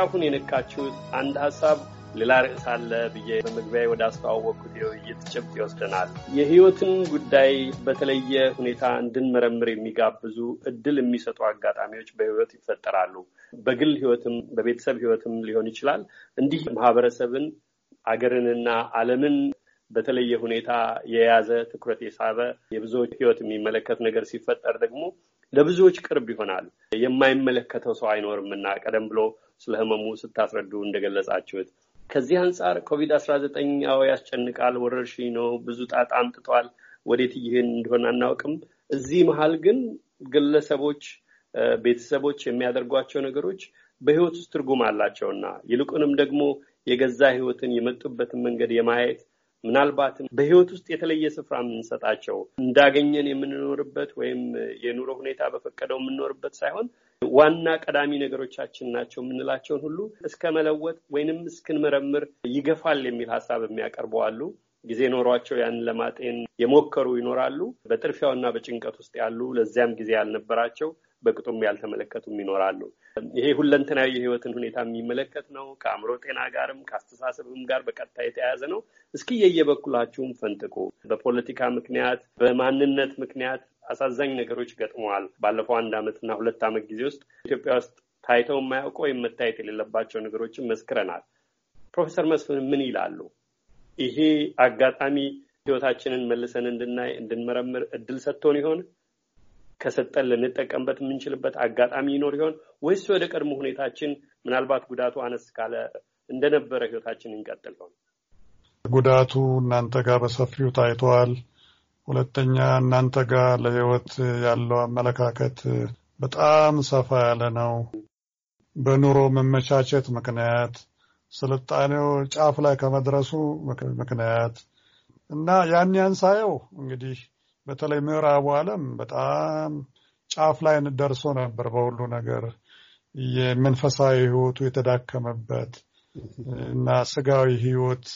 ጫፉን የነካችሁት አንድ ሀሳብ ሌላ ርዕስ አለ ብዬ በመግቢያ ወደ አስተዋወቅኩት የውይይት ጭብጥ ይወስደናል። የህይወትን ጉዳይ በተለየ ሁኔታ እንድንመረምር የሚጋብዙ እድል የሚሰጡ አጋጣሚዎች በህይወት ይፈጠራሉ። በግል ህይወትም በቤተሰብ ህይወትም ሊሆን ይችላል። እንዲህ ማህበረሰብን፣ አገርንና ዓለምን በተለየ ሁኔታ የያዘ ትኩረት የሳበ የብዙዎች ህይወት የሚመለከት ነገር ሲፈጠር ደግሞ ለብዙዎች ቅርብ ይሆናል። የማይመለከተው ሰው አይኖርምና ቀደም ብሎ ስለ ህመሙ ስታስረዱ እንደገለጻችሁት ከዚህ አንጻር ኮቪድ አስራ ዘጠኝ አዎ ያስጨንቃል፣ ወረርሽኝ ነው፣ ብዙ ጣጣ አምጥቷል። ወዴት ይህን እንደሆነ አናውቅም። እዚህ መሀል ግን ግለሰቦች፣ ቤተሰቦች የሚያደርጓቸው ነገሮች በህይወት ውስጥ ትርጉም አላቸውና ይልቁንም ደግሞ የገዛ ህይወትን የመጡበትን መንገድ የማየት ምናልባትም በህይወት ውስጥ የተለየ ስፍራ የምንሰጣቸው እንዳገኘን የምንኖርበት ወይም የኑሮ ሁኔታ በፈቀደው የምንኖርበት ሳይሆን ዋና ቀዳሚ ነገሮቻችን ናቸው የምንላቸውን ሁሉ እስከ መለወጥ ወይንም እስክንመረምር ይገፋል የሚል ሀሳብ የሚያቀርበው አሉ። ጊዜ ኖሯቸው ያንን ለማጤን የሞከሩ ይኖራሉ። በጥርፊያውና በጭንቀት ውስጥ ያሉ፣ ለዚያም ጊዜ ያልነበራቸው በቅጡም ያልተመለከቱም ይኖራሉ። ይሄ ሁለንተናዊ የህይወትን ሁኔታ የሚመለከት ነው። ከአእምሮ ጤና ጋርም ከአስተሳሰብም ጋር በቀጥታ የተያያዘ ነው። እስኪ የየበኩላችሁም ፈንጥቁ። በፖለቲካ ምክንያት፣ በማንነት ምክንያት አሳዛኝ ነገሮች ገጥመዋል። ባለፈው አንድ ዓመትና ሁለት ዓመት ጊዜ ውስጥ ኢትዮጵያ ውስጥ ታይተው የማያውቀው ወይም መታየት የሌለባቸው ነገሮችን መስክረናል። ፕሮፌሰር መስፍን ምን ይላሉ? ይሄ አጋጣሚ ህይወታችንን መልሰን እንድናይ እንድንመረምር እድል ሰጥቶን ይሆን? ከሰጠን ልንጠቀምበት የምንችልበት አጋጣሚ ይኖር ይሆን ወይስ ወደ ቀድሞ ሁኔታችን ምናልባት ጉዳቱ አነስ ካለ እንደነበረ ህይወታችን እንቀጥል ይሆን? ጉዳቱ እናንተ ጋር በሰፊው ታይቷል። ሁለተኛ እናንተ ጋር ለህይወት ያለው አመለካከት በጣም ሰፋ ያለ ነው። በኑሮ መመቻቸት ምክንያት ስልጣኔው ጫፍ ላይ ከመድረሱ ምክንያት እና ያን ያን ሳየው እንግዲህ በተለይ ምዕራቡ ዓለም በጣም ጫፍ ላይ ደርሶ ነበር። በሁሉ ነገር የመንፈሳዊ ህይወቱ የተዳከመበት እና ስጋዊ ህይወት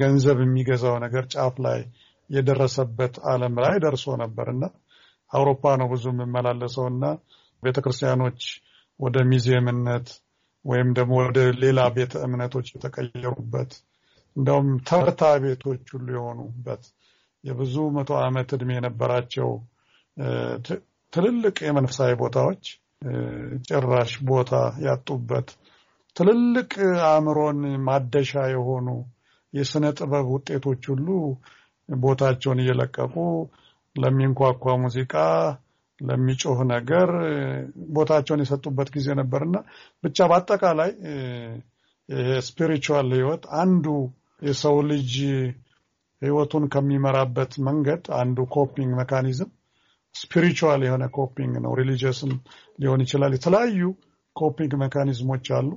ገንዘብ የሚገዛው ነገር ጫፍ ላይ የደረሰበት ዓለም ላይ ደርሶ ነበር እና አውሮፓ ነው ብዙ የምመላለሰው እና ቤተክርስቲያኖች ወደ ሚዚየምነት ወይም ደግሞ ወደ ሌላ ቤተ እምነቶች የተቀየሩበት እንደውም ተርታ ቤቶች ሁሉ የሆኑበት የብዙ መቶ ዓመት ዕድሜ የነበራቸው ትልልቅ የመንፈሳዊ ቦታዎች ጭራሽ ቦታ ያጡበት ትልልቅ አእምሮን ማደሻ የሆኑ የሥነ ጥበብ ውጤቶች ሁሉ ቦታቸውን እየለቀቁ ለሚንኳኳ ሙዚቃ፣ ለሚጮህ ነገር ቦታቸውን የሰጡበት ጊዜ ነበርና ብቻ በአጠቃላይ የስፒሪቹዋል ሕይወት አንዱ የሰው ልጅ ህይወቱን ከሚመራበት መንገድ አንዱ ኮፒንግ መካኒዝም ስፒሪቹዋል የሆነ ኮፒንግ ነው። ሪሊጂየስም ሊሆን ይችላል። የተለያዩ ኮፒንግ መካኒዝሞች አሉ።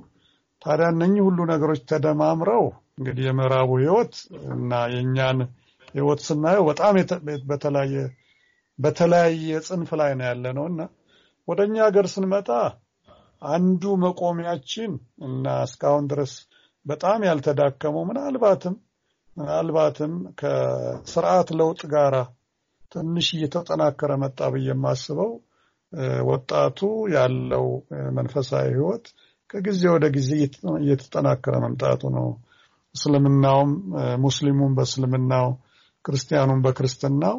ታዲያ እነኚህ ሁሉ ነገሮች ተደማምረው እንግዲህ የምዕራቡ ህይወት እና የእኛን ህይወት ስናየው በጣም በተለያየ በተለያየ ጽንፍ ላይ ነው ያለ ነው እና ወደ እኛ ሀገር ስንመጣ አንዱ መቆሚያችን እና እስካሁን ድረስ በጣም ያልተዳከመው ምናልባትም ምናልባትም ከስርዓት ለውጥ ጋር ትንሽ እየተጠናከረ መጣ ብዬ የማስበው ወጣቱ ያለው መንፈሳዊ ህይወት ከጊዜ ወደ ጊዜ እየተጠናከረ መምጣቱ ነው። እስልምናውም ሙስሊሙም በእስልምናው ክርስቲያኑም በክርስትናው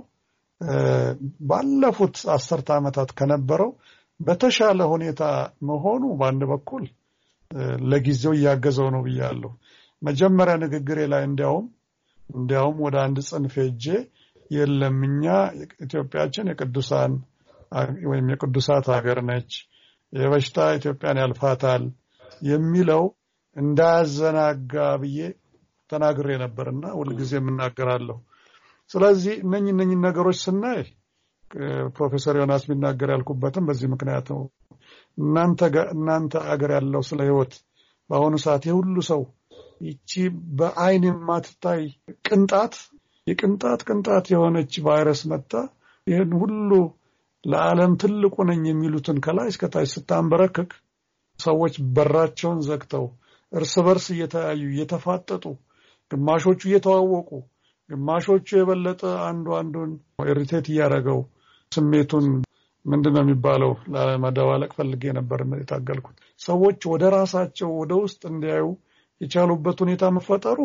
ባለፉት አስርተ ዓመታት ከነበረው በተሻለ ሁኔታ መሆኑ በአንድ በኩል ለጊዜው እያገዘው ነው ብያለሁ። መጀመሪያ ንግግሬ ላይ እንዲያውም እንዲያውም ወደ አንድ ጽንፍ ሄጄ የለም እኛ ኢትዮጵያችን የቅዱሳን ወይም የቅዱሳት ሀገር ነች፣ የበሽታ ኢትዮጵያን ያልፋታል የሚለው እንዳያዘናጋ ብዬ ተናግሬ ነበርና ሁልጊዜ የምናገራለሁ። ስለዚህ እነኝ እነኝ ነገሮች ስናይ ፕሮፌሰር ዮናስ ቢናገር ያልኩበትም በዚህ ምክንያት ነው። እናንተ አገር ያለው ስለ ህይወት በአሁኑ ሰዓት የሁሉ ሰው ይቺ በአይን የማትታይ ቅንጣት የቅንጣት ቅንጣት የሆነች ቫይረስ መጣ። ይህን ሁሉ ለዓለም ትልቁ ነኝ የሚሉትን ከላይ እስከታች ስታንበረክክ ሰዎች በራቸውን ዘግተው እርስ በርስ እየተያዩ እየተፋጠጡ፣ ግማሾቹ እየተዋወቁ፣ ግማሾቹ የበለጠ አንዱ አንዱን ሪቴት እያደረገው ስሜቱን ምንድን ነው የሚባለው ለመደባለቅ ፈልጌ ነበር የታገልኩት። ሰዎች ወደ ራሳቸው ወደ ውስጥ እንዲያዩ የቻሉበት ሁኔታ መፈጠሩ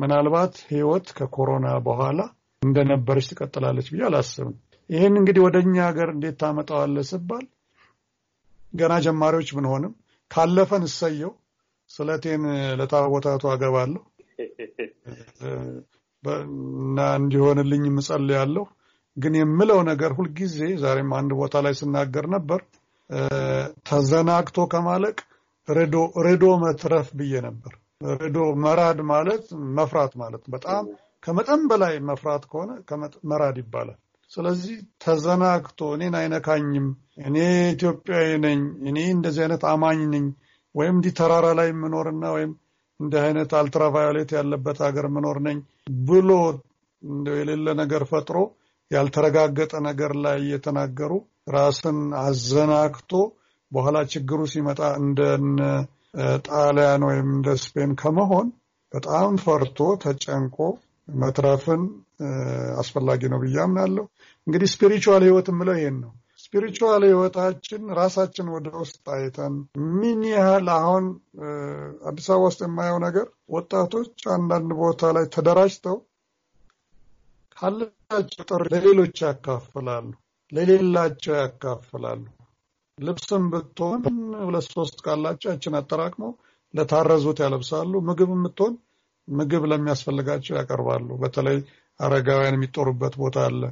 ምናልባት ህይወት ከኮሮና በኋላ እንደነበረች ትቀጥላለች ብዬ አላስብም። ይህን እንግዲህ ወደ እኛ ሀገር እንዴት ታመጣዋለህ ስባል ገና ጀማሪዎች ብንሆንም ካለፈን እሰየው ስለቴን ለታቦታቱ አገባለሁ እና እንዲሆንልኝ እጸልያለሁ። ግን የምለው ነገር ሁልጊዜ ዛሬም አንድ ቦታ ላይ ስናገር ነበር ተዘናግቶ ከማለቅ ርዶ መትረፍ ብዬ ነበር። ርዶ መራድ ማለት መፍራት ማለት በጣም ከመጠን በላይ መፍራት ከሆነ መራድ ይባላል። ስለዚህ ተዘናግቶ እኔን አይነካኝም፣ እኔ ኢትዮጵያዊ ነኝ፣ እኔ እንደዚህ አይነት አማኝ ነኝ ወይም እንዲህ ተራራ ላይ የምኖርና ወይም እንዲህ አይነት አልትራቫዮሌት ያለበት ሀገር ምኖር ነኝ ብሎ የሌለ ነገር ፈጥሮ ያልተረጋገጠ ነገር ላይ እየተናገሩ ራስን አዘናግቶ በኋላ ችግሩ ሲመጣ እንደነ ጣሊያን ወይም እንደ ስፔን ከመሆን በጣም ፈርቶ ተጨንቆ መትረፍን አስፈላጊ ነው ብዬ አምናለሁ። እንግዲህ ስፒሪቹዋል ህይወት የምለው ይሄን ነው። ስፒሪቹዋል ህይወታችን ራሳችን ወደ ውስጥ አይተን ምን ያህል አሁን አዲስ አበባ ውስጥ የማየው ነገር ወጣቶች አንዳንድ ቦታ ላይ ተደራጅተው ካላቸው ጥሪ ለሌሎች ያካፍላሉ፣ ለሌላቸው ያካፍላሉ። ልብስም ብትሆን ሁለት ሶስት ካላቸው ያችን አጠራቅመው ለታረዙት ያለብሳሉ። ምግብ ብትሆን ምግብ ለሚያስፈልጋቸው ያቀርባሉ። በተለይ አረጋውያን የሚጦሩበት ቦታ አለ።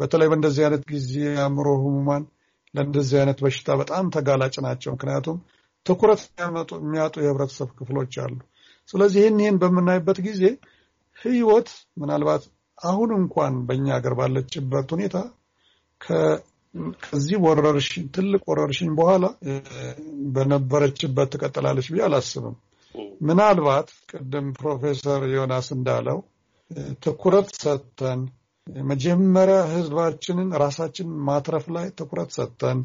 በተለይ በእንደዚህ አይነት ጊዜ አእምሮ ህሙማን ለእንደዚህ አይነት በሽታ በጣም ተጋላጭ ናቸው። ምክንያቱም ትኩረት የሚያጡ የህብረተሰብ ክፍሎች አሉ። ስለዚህ ይህን ይህን በምናይበት ጊዜ ህይወት ምናልባት አሁን እንኳን በእኛ ሀገር ባለችበት ሁኔታ ከዚህ ወረርሽኝ ትልቅ ወረርሽኝ በኋላ በነበረችበት ትቀጥላለች ብዬ አላስብም። ምናልባት ቅድም ፕሮፌሰር ዮናስ እንዳለው ትኩረት ሰጥተን መጀመሪያ ህዝባችንን ራሳችንን ማትረፍ ላይ ትኩረት ሰጥተን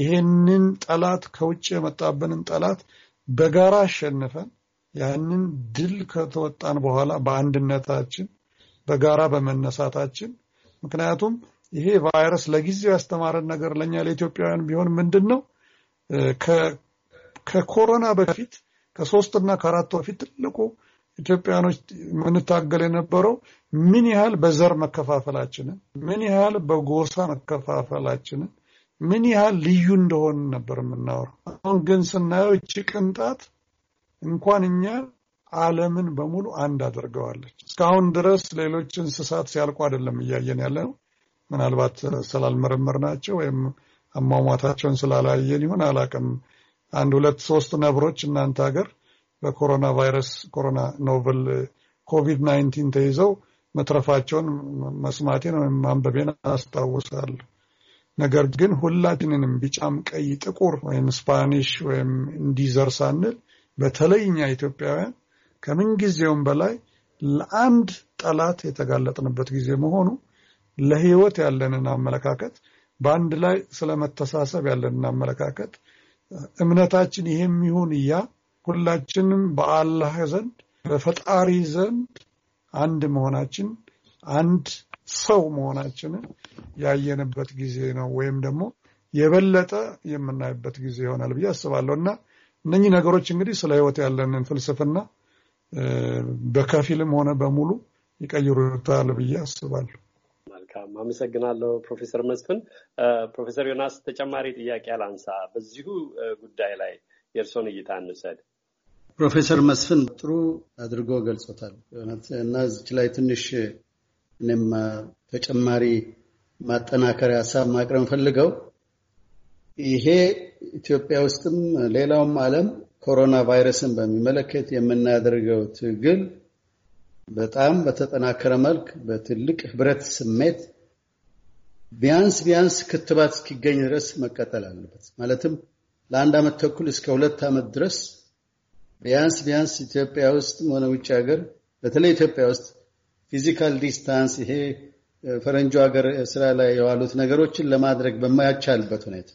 ይሄንን ጠላት ከውጭ የመጣብንን ጠላት በጋራ አሸንፈን ያንን ድል ከተወጣን በኋላ በአንድነታችን በጋራ በመነሳታችን ምክንያቱም ይሄ ቫይረስ ለጊዜው ያስተማረን ነገር ለእኛ ለኢትዮጵያውያን ቢሆን ምንድን ነው ከኮሮና በፊት ከሶስትና ከአራት በፊት ትልቁ ኢትዮጵያኖች የምንታገል የነበረው ምን ያህል በዘር መከፋፈላችንን፣ ምን ያህል በጎሳ መከፋፈላችንን፣ ምን ያህል ልዩ እንደሆን ነበር የምናወራው። አሁን ግን ስናየው እቺ ቅንጣት እንኳን እኛ ዓለምን በሙሉ አንድ አድርገዋለች። እስካሁን ድረስ ሌሎች እንስሳት ሲያልቁ አይደለም እያየን ያለ ነው። ምናልባት ስላልመረመር ናቸው ወይም አሟሟታቸውን ስላላየን ይሁን አላቅም። አንድ ሁለት ሶስት ነብሮች እናንተ ሀገር በኮሮና ቫይረስ ኮሮና ኖቨል ኮቪድ ናይንቲን ተይዘው መትረፋቸውን መስማቴን ወይም ማንበቤን አስታውሳለሁ። ነገር ግን ሁላችንንም ቢጫም፣ ቀይ፣ ጥቁር ወይም ስፓኒሽ ወይም እንዲዘር ሳንል በተለይ እኛ ኢትዮጵያውያን ከምንጊዜውም በላይ ለአንድ ጠላት የተጋለጥንበት ጊዜ መሆኑ ለህይወት ያለንን አመለካከት በአንድ ላይ ስለ መተሳሰብ ያለንን አመለካከት እምነታችን ይሄም ይሁን እያ ሁላችንም በአላህ ዘንድ በፈጣሪ ዘንድ አንድ መሆናችን አንድ ሰው መሆናችንን ያየንበት ጊዜ ነው ወይም ደግሞ የበለጠ የምናይበት ጊዜ ይሆናል ብዬ አስባለሁ እና እነኚህ ነገሮች እንግዲህ ስለ ህይወት ያለንን ፍልስፍና በከፊልም ሆነ በሙሉ ይቀይሩታል ብዬ አስባለሁ። መልካም አመሰግናለሁ ፕሮፌሰር መስፍን። ፕሮፌሰር ዮናስ ተጨማሪ ጥያቄ አላንሳ፣ በዚሁ ጉዳይ ላይ የእርስዎን እይታ እንውሰድ። ፕሮፌሰር መስፍን ጥሩ አድርጎ ገልጾታል እና እዚች ላይ ትንሽ እኔም ተጨማሪ ማጠናከሪያ ሀሳብ ማቅረብ ፈልገው ይሄ ኢትዮጵያ ውስጥም ሌላውም ዓለም ኮሮና ቫይረስን በሚመለከት የምናደርገው ትግል በጣም በተጠናከረ መልክ በትልቅ ህብረት ስሜት ቢያንስ ቢያንስ ክትባት እስኪገኝ ድረስ መቀጠል አለበት። ማለትም ለአንድ ዓመት ተኩል እስከ ሁለት ዓመት ድረስ ቢያንስ ቢያንስ ኢትዮጵያ ውስጥ ሆነ ውጭ ሀገር፣ በተለይ ኢትዮጵያ ውስጥ ፊዚካል ዲስታንስ ይሄ ፈረንጆ ሀገር ስራ ላይ የዋሉት ነገሮችን ለማድረግ በማያቻልበት ሁኔታ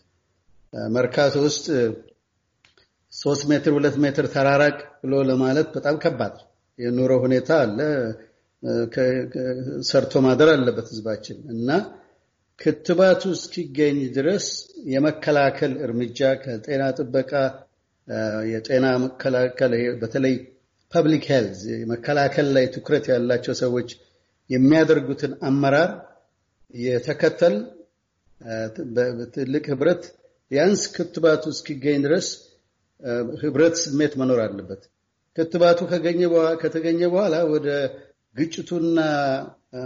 መርካቶ ውስጥ ሶስት ሜትር ሁለት ሜትር ተራራቅ ብሎ ለማለት በጣም ከባድ ነው። የኑሮ ሁኔታ አለ። ሰርቶ ማደር አለበት ህዝባችን እና ክትባቱ እስኪገኝ ድረስ የመከላከል እርምጃ ከጤና ጥበቃ የጤና መከላከል በተለይ ፐብሊክ ሄልዝ መከላከል ላይ ትኩረት ያላቸው ሰዎች የሚያደርጉትን አመራር የተከተል ትልቅ ህብረት ቢያንስ ክትባቱ እስኪገኝ ድረስ ህብረት ስሜት መኖር አለበት። ክትባቱ ከተገኘ በኋላ ወደ ግጭቱና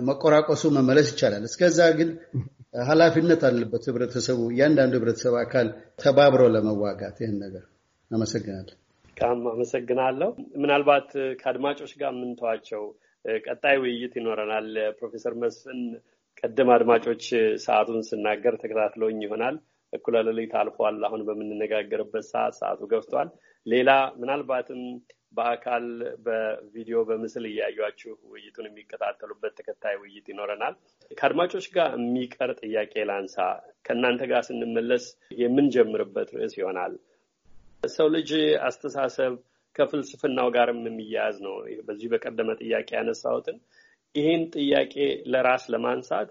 መቆራቆሱ መመለስ ይቻላል። እስከዛ ግን ኃላፊነት አለበት ህብረተሰቡ፣ እያንዳንዱ ህብረተሰብ አካል ተባብሮ ለመዋጋት ይህን ነገር። አመሰግናለሁ። ቃም አመሰግናለሁ። ምናልባት ከአድማጮች ጋር የምንተዋቸው ቀጣይ ውይይት ይኖረናል። ፕሮፌሰር መስፍን ቀደም አድማጮች ሰዓቱን ስናገር ተከታትለውኝ ይሆናል። እኩለ ሌሊት አልፏል። አሁን በምንነጋገርበት ሰዓት ሰዓቱ ገብቷል። ሌላ ምናልባትም በአካል በቪዲዮ በምስል እያዩችሁ ውይይቱን የሚከታተሉበት ተከታይ ውይይት ይኖረናል። ከአድማጮች ጋር የሚቀር ጥያቄ ላንሳ። ከእናንተ ጋር ስንመለስ የምንጀምርበት ርዕስ ይሆናል። ሰው ልጅ አስተሳሰብ ከፍልስፍናው ጋርም የሚያያዝ ነው። በዚህ በቀደመ ጥያቄ ያነሳሁትን ይህን ጥያቄ ለራስ ለማንሳት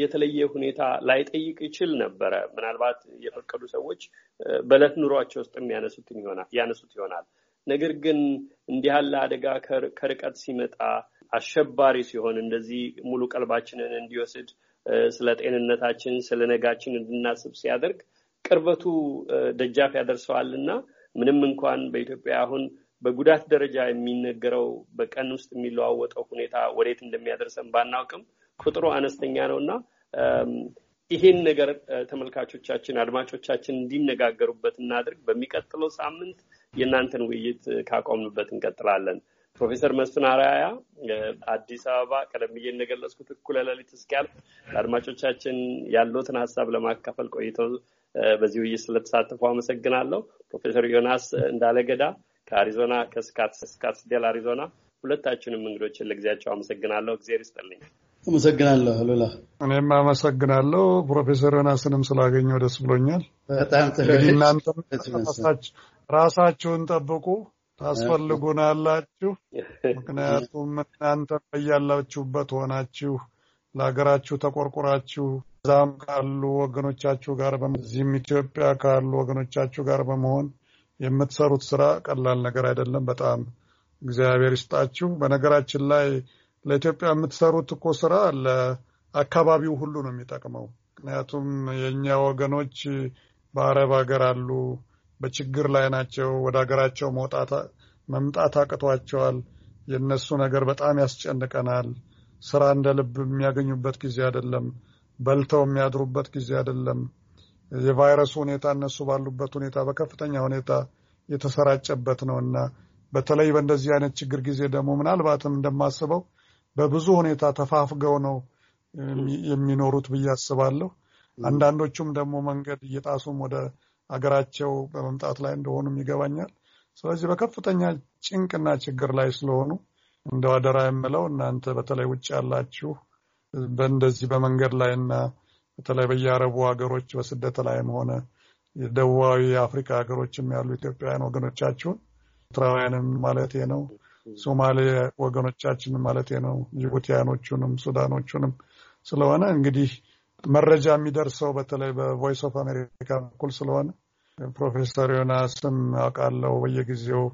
የተለየ ሁኔታ ላይጠይቅ ይችል ነበረ። ምናልባት የፈቀዱ ሰዎች በዕለት ኑሯቸው ውስጥ ያነሱት ይሆናል ነገር ግን እንዲህ ያለ አደጋ ከርቀት ሲመጣ አሸባሪ ሲሆን እንደዚህ ሙሉ ቀልባችንን እንዲወስድ ስለ ጤንነታችን ስለ ነጋችን እንድናስብ ሲያደርግ ቅርበቱ ደጃፍ ያደርሰዋል እና ምንም እንኳን በኢትዮጵያ አሁን በጉዳት ደረጃ የሚነገረው በቀን ውስጥ የሚለዋወጠው ሁኔታ ወዴት እንደሚያደርሰን ባናውቅም ቁጥሩ አነስተኛ ነው እና ይሄን ነገር ተመልካቾቻችን፣ አድማጮቻችን እንዲነጋገሩበት እናድርግ። በሚቀጥለው ሳምንት የእናንተን ውይይት ካቆምንበት እንቀጥላለን። ፕሮፌሰር መስፍን አራያ አዲስ አበባ ቀደም ብዬ እንደገለጽኩት እኩለ ሌሊት እስኪያልፍ ለአድማጮቻችን ያሉትን ሀሳብ ለማካፈል ቆይተው በዚህ ውይይት ስለተሳተፉ አመሰግናለሁ። ፕሮፌሰር ዮናስ እንዳለገዳ ከአሪዞና ከስካትስዴል አሪዞና ሁለታችንም እንግዶችን ለጊዜያቸው አመሰግናለሁ። እግዜር ይስጥልኝ። አመሰግናለሁ አሉላ። እኔም አመሰግናለሁ ፕሮፌሰር ዮናስንም ስላገኘ ደስ ብሎኛል። በጣም እንግዲህ ራሳችሁን ጠብቁ፣ ታስፈልጉናላችሁ። ምክንያቱም እናንተ በያላችሁበት ሆናችሁ ለሀገራችሁ ተቆርቁራችሁ እዛም ካሉ ወገኖቻችሁ ጋር በዚህም ኢትዮጵያ ካሉ ወገኖቻችሁ ጋር በመሆን የምትሰሩት ስራ ቀላል ነገር አይደለም። በጣም እግዚአብሔር ይስጣችሁ። በነገራችን ላይ ለኢትዮጵያ የምትሰሩት እኮ ስራ ለአካባቢው ሁሉ ነው የሚጠቅመው። ምክንያቱም የእኛ ወገኖች በአረብ ሀገር አሉ፣ በችግር ላይ ናቸው። ወደ ሀገራቸው መምጣት አቅቷቸዋል። የእነሱ ነገር በጣም ያስጨንቀናል። ስራ እንደ ልብ የሚያገኙበት ጊዜ አይደለም። በልተው የሚያድሩበት ጊዜ አይደለም። የቫይረሱ ሁኔታ እነሱ ባሉበት ሁኔታ በከፍተኛ ሁኔታ የተሰራጨበት ነው እና በተለይ በእንደዚህ አይነት ችግር ጊዜ ደግሞ ምናልባትም እንደማስበው በብዙ ሁኔታ ተፋፍገው ነው የሚኖሩት ብዬ አስባለሁ። አንዳንዶቹም ደግሞ መንገድ እየጣሱም ወደ አገራቸው በመምጣት ላይ እንደሆኑም ይገባኛል። ስለዚህ በከፍተኛ ጭንቅና ችግር ላይ ስለሆኑ እንደው አደራ የምለው እናንተ በተለይ ውጭ ያላችሁ በእንደዚህ በመንገድ ላይና በተለይ በየአረቡ ሀገሮች በስደት ላይም ሆነ ደቡባዊ የአፍሪካ ሀገሮችም ያሉ ኢትዮጵያውያን ወገኖቻችሁን ኤርትራውያንም ማለት ነው ሶማሌ ወገኖቻችን ማለት ነው ጅቡቲያኖቹንም ሱዳኖቹንም ስለሆነ እንግዲህ መረጃ የሚደርሰው በተለይ በቮይስ ኦፍ አሜሪካ በኩል ስለሆነ ፕሮፌሰር ዮናስም አውቃለው በየጊዜው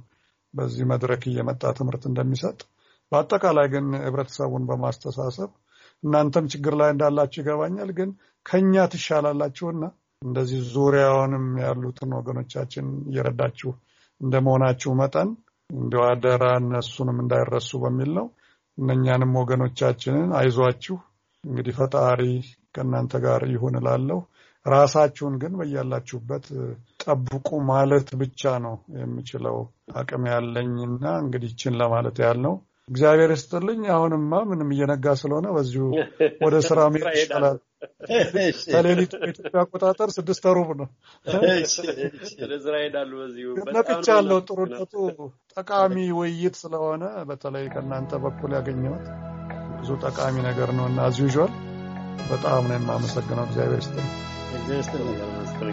በዚህ መድረክ እየመጣ ትምህርት እንደሚሰጥ በአጠቃላይ ግን ህብረተሰቡን በማስተሳሰብ እናንተም ችግር ላይ እንዳላችሁ ይገባኛል፣ ግን ከኛ ትሻላላችሁና እንደዚህ ዙሪያውንም ያሉትን ወገኖቻችን እየረዳችሁ እንደመሆናችሁ መጠን እንዲያው አደራ እነሱንም እንዳይረሱ በሚል ነው። እነኛንም ወገኖቻችንን አይዟችሁ እንግዲህ ፈጣሪ ከእናንተ ጋር ይሁን እላለሁ። ራሳችሁን ግን በያላችሁበት ጠብቁ ማለት ብቻ ነው የምችለው አቅም ያለኝና እንግዲህ ይችን ለማለት ያህል ነው። እግዚአብሔር ይስጥልኝ። አሁንማ ምንም እየነጋ ስለሆነ በዚሁ ወደ ስራ መሄድ ይችላል። ከሌሊቱ የኢትዮጵያ አቆጣጠር ስድስት ሩብ ነው። ነቅቻ ያለው ጥሩነቱ ጠቃሚ ውይይት ስለሆነ በተለይ ከእናንተ በኩል ያገኘሁት ብዙ ጠቃሚ ነገር ነው እና አዝ ዩዥዋል በጣም ነው የማመሰግነው። እግዚአብሔር ይስጥልኝ።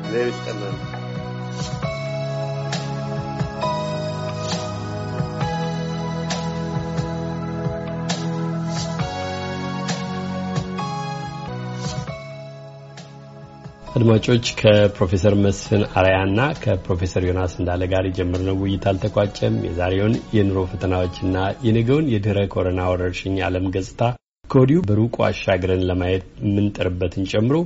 አድማጮች ከፕሮፌሰር መስፍን አርያና ከፕሮፌሰር ዮናስ እንዳለ ጋር የጀመርነው ውይይት አልተቋጨም። የዛሬውን የኑሮ ፈተናዎችና የነገውን የድህረ ኮሮና ወረርሽኝ ዓለም ገጽታ ከወዲሁ በሩቁ አሻግረን ለማየት የምንጥርበትን ጨምሮ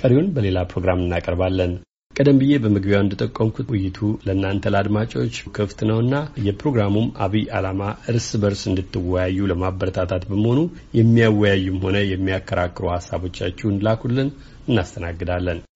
ቀሪውን በሌላ ፕሮግራም እናቀርባለን። ቀደም ብዬ በመግቢያው እንደጠቆምኩት ውይይቱ ለእናንተ ለአድማጮች ክፍት ነውና የፕሮግራሙም አብይ ዓላማ እርስ በርስ እንድትወያዩ ለማበረታታት በመሆኑ የሚያወያዩም ሆነ የሚያከራክሩ ሀሳቦቻችሁን ላኩልን፣ እናስተናግዳለን።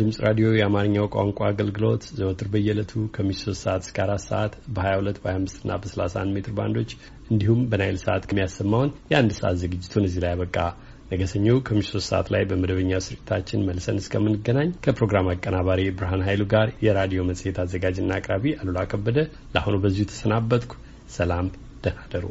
ድምፅ ራዲዮ የአማርኛው ቋንቋ አገልግሎት ዘወትር በየዕለቱ ከምሽቱ 3 ሰዓት እስከ 4 ሰዓት በ22 በ25 ና በ31 ሜትር ባንዶች እንዲሁም በናይል ሰዓት ከሚያሰማውን የአንድ ሰዓት ዝግጅቱን እዚህ ላይ ያበቃ። ነገ ሰኞ ከምሽቱ 3 ሰዓት ላይ በመደበኛ ስርጭታችን መልሰን እስከምንገናኝ ከፕሮግራም አቀናባሪ ብርሃን ኃይሉ ጋር የራዲዮ መጽሔት አዘጋጅና አቅራቢ አሉላ ከበደ ለአሁኑ በዚሁ ተሰናበትኩ። ሰላም፣ ደህና ደሩ።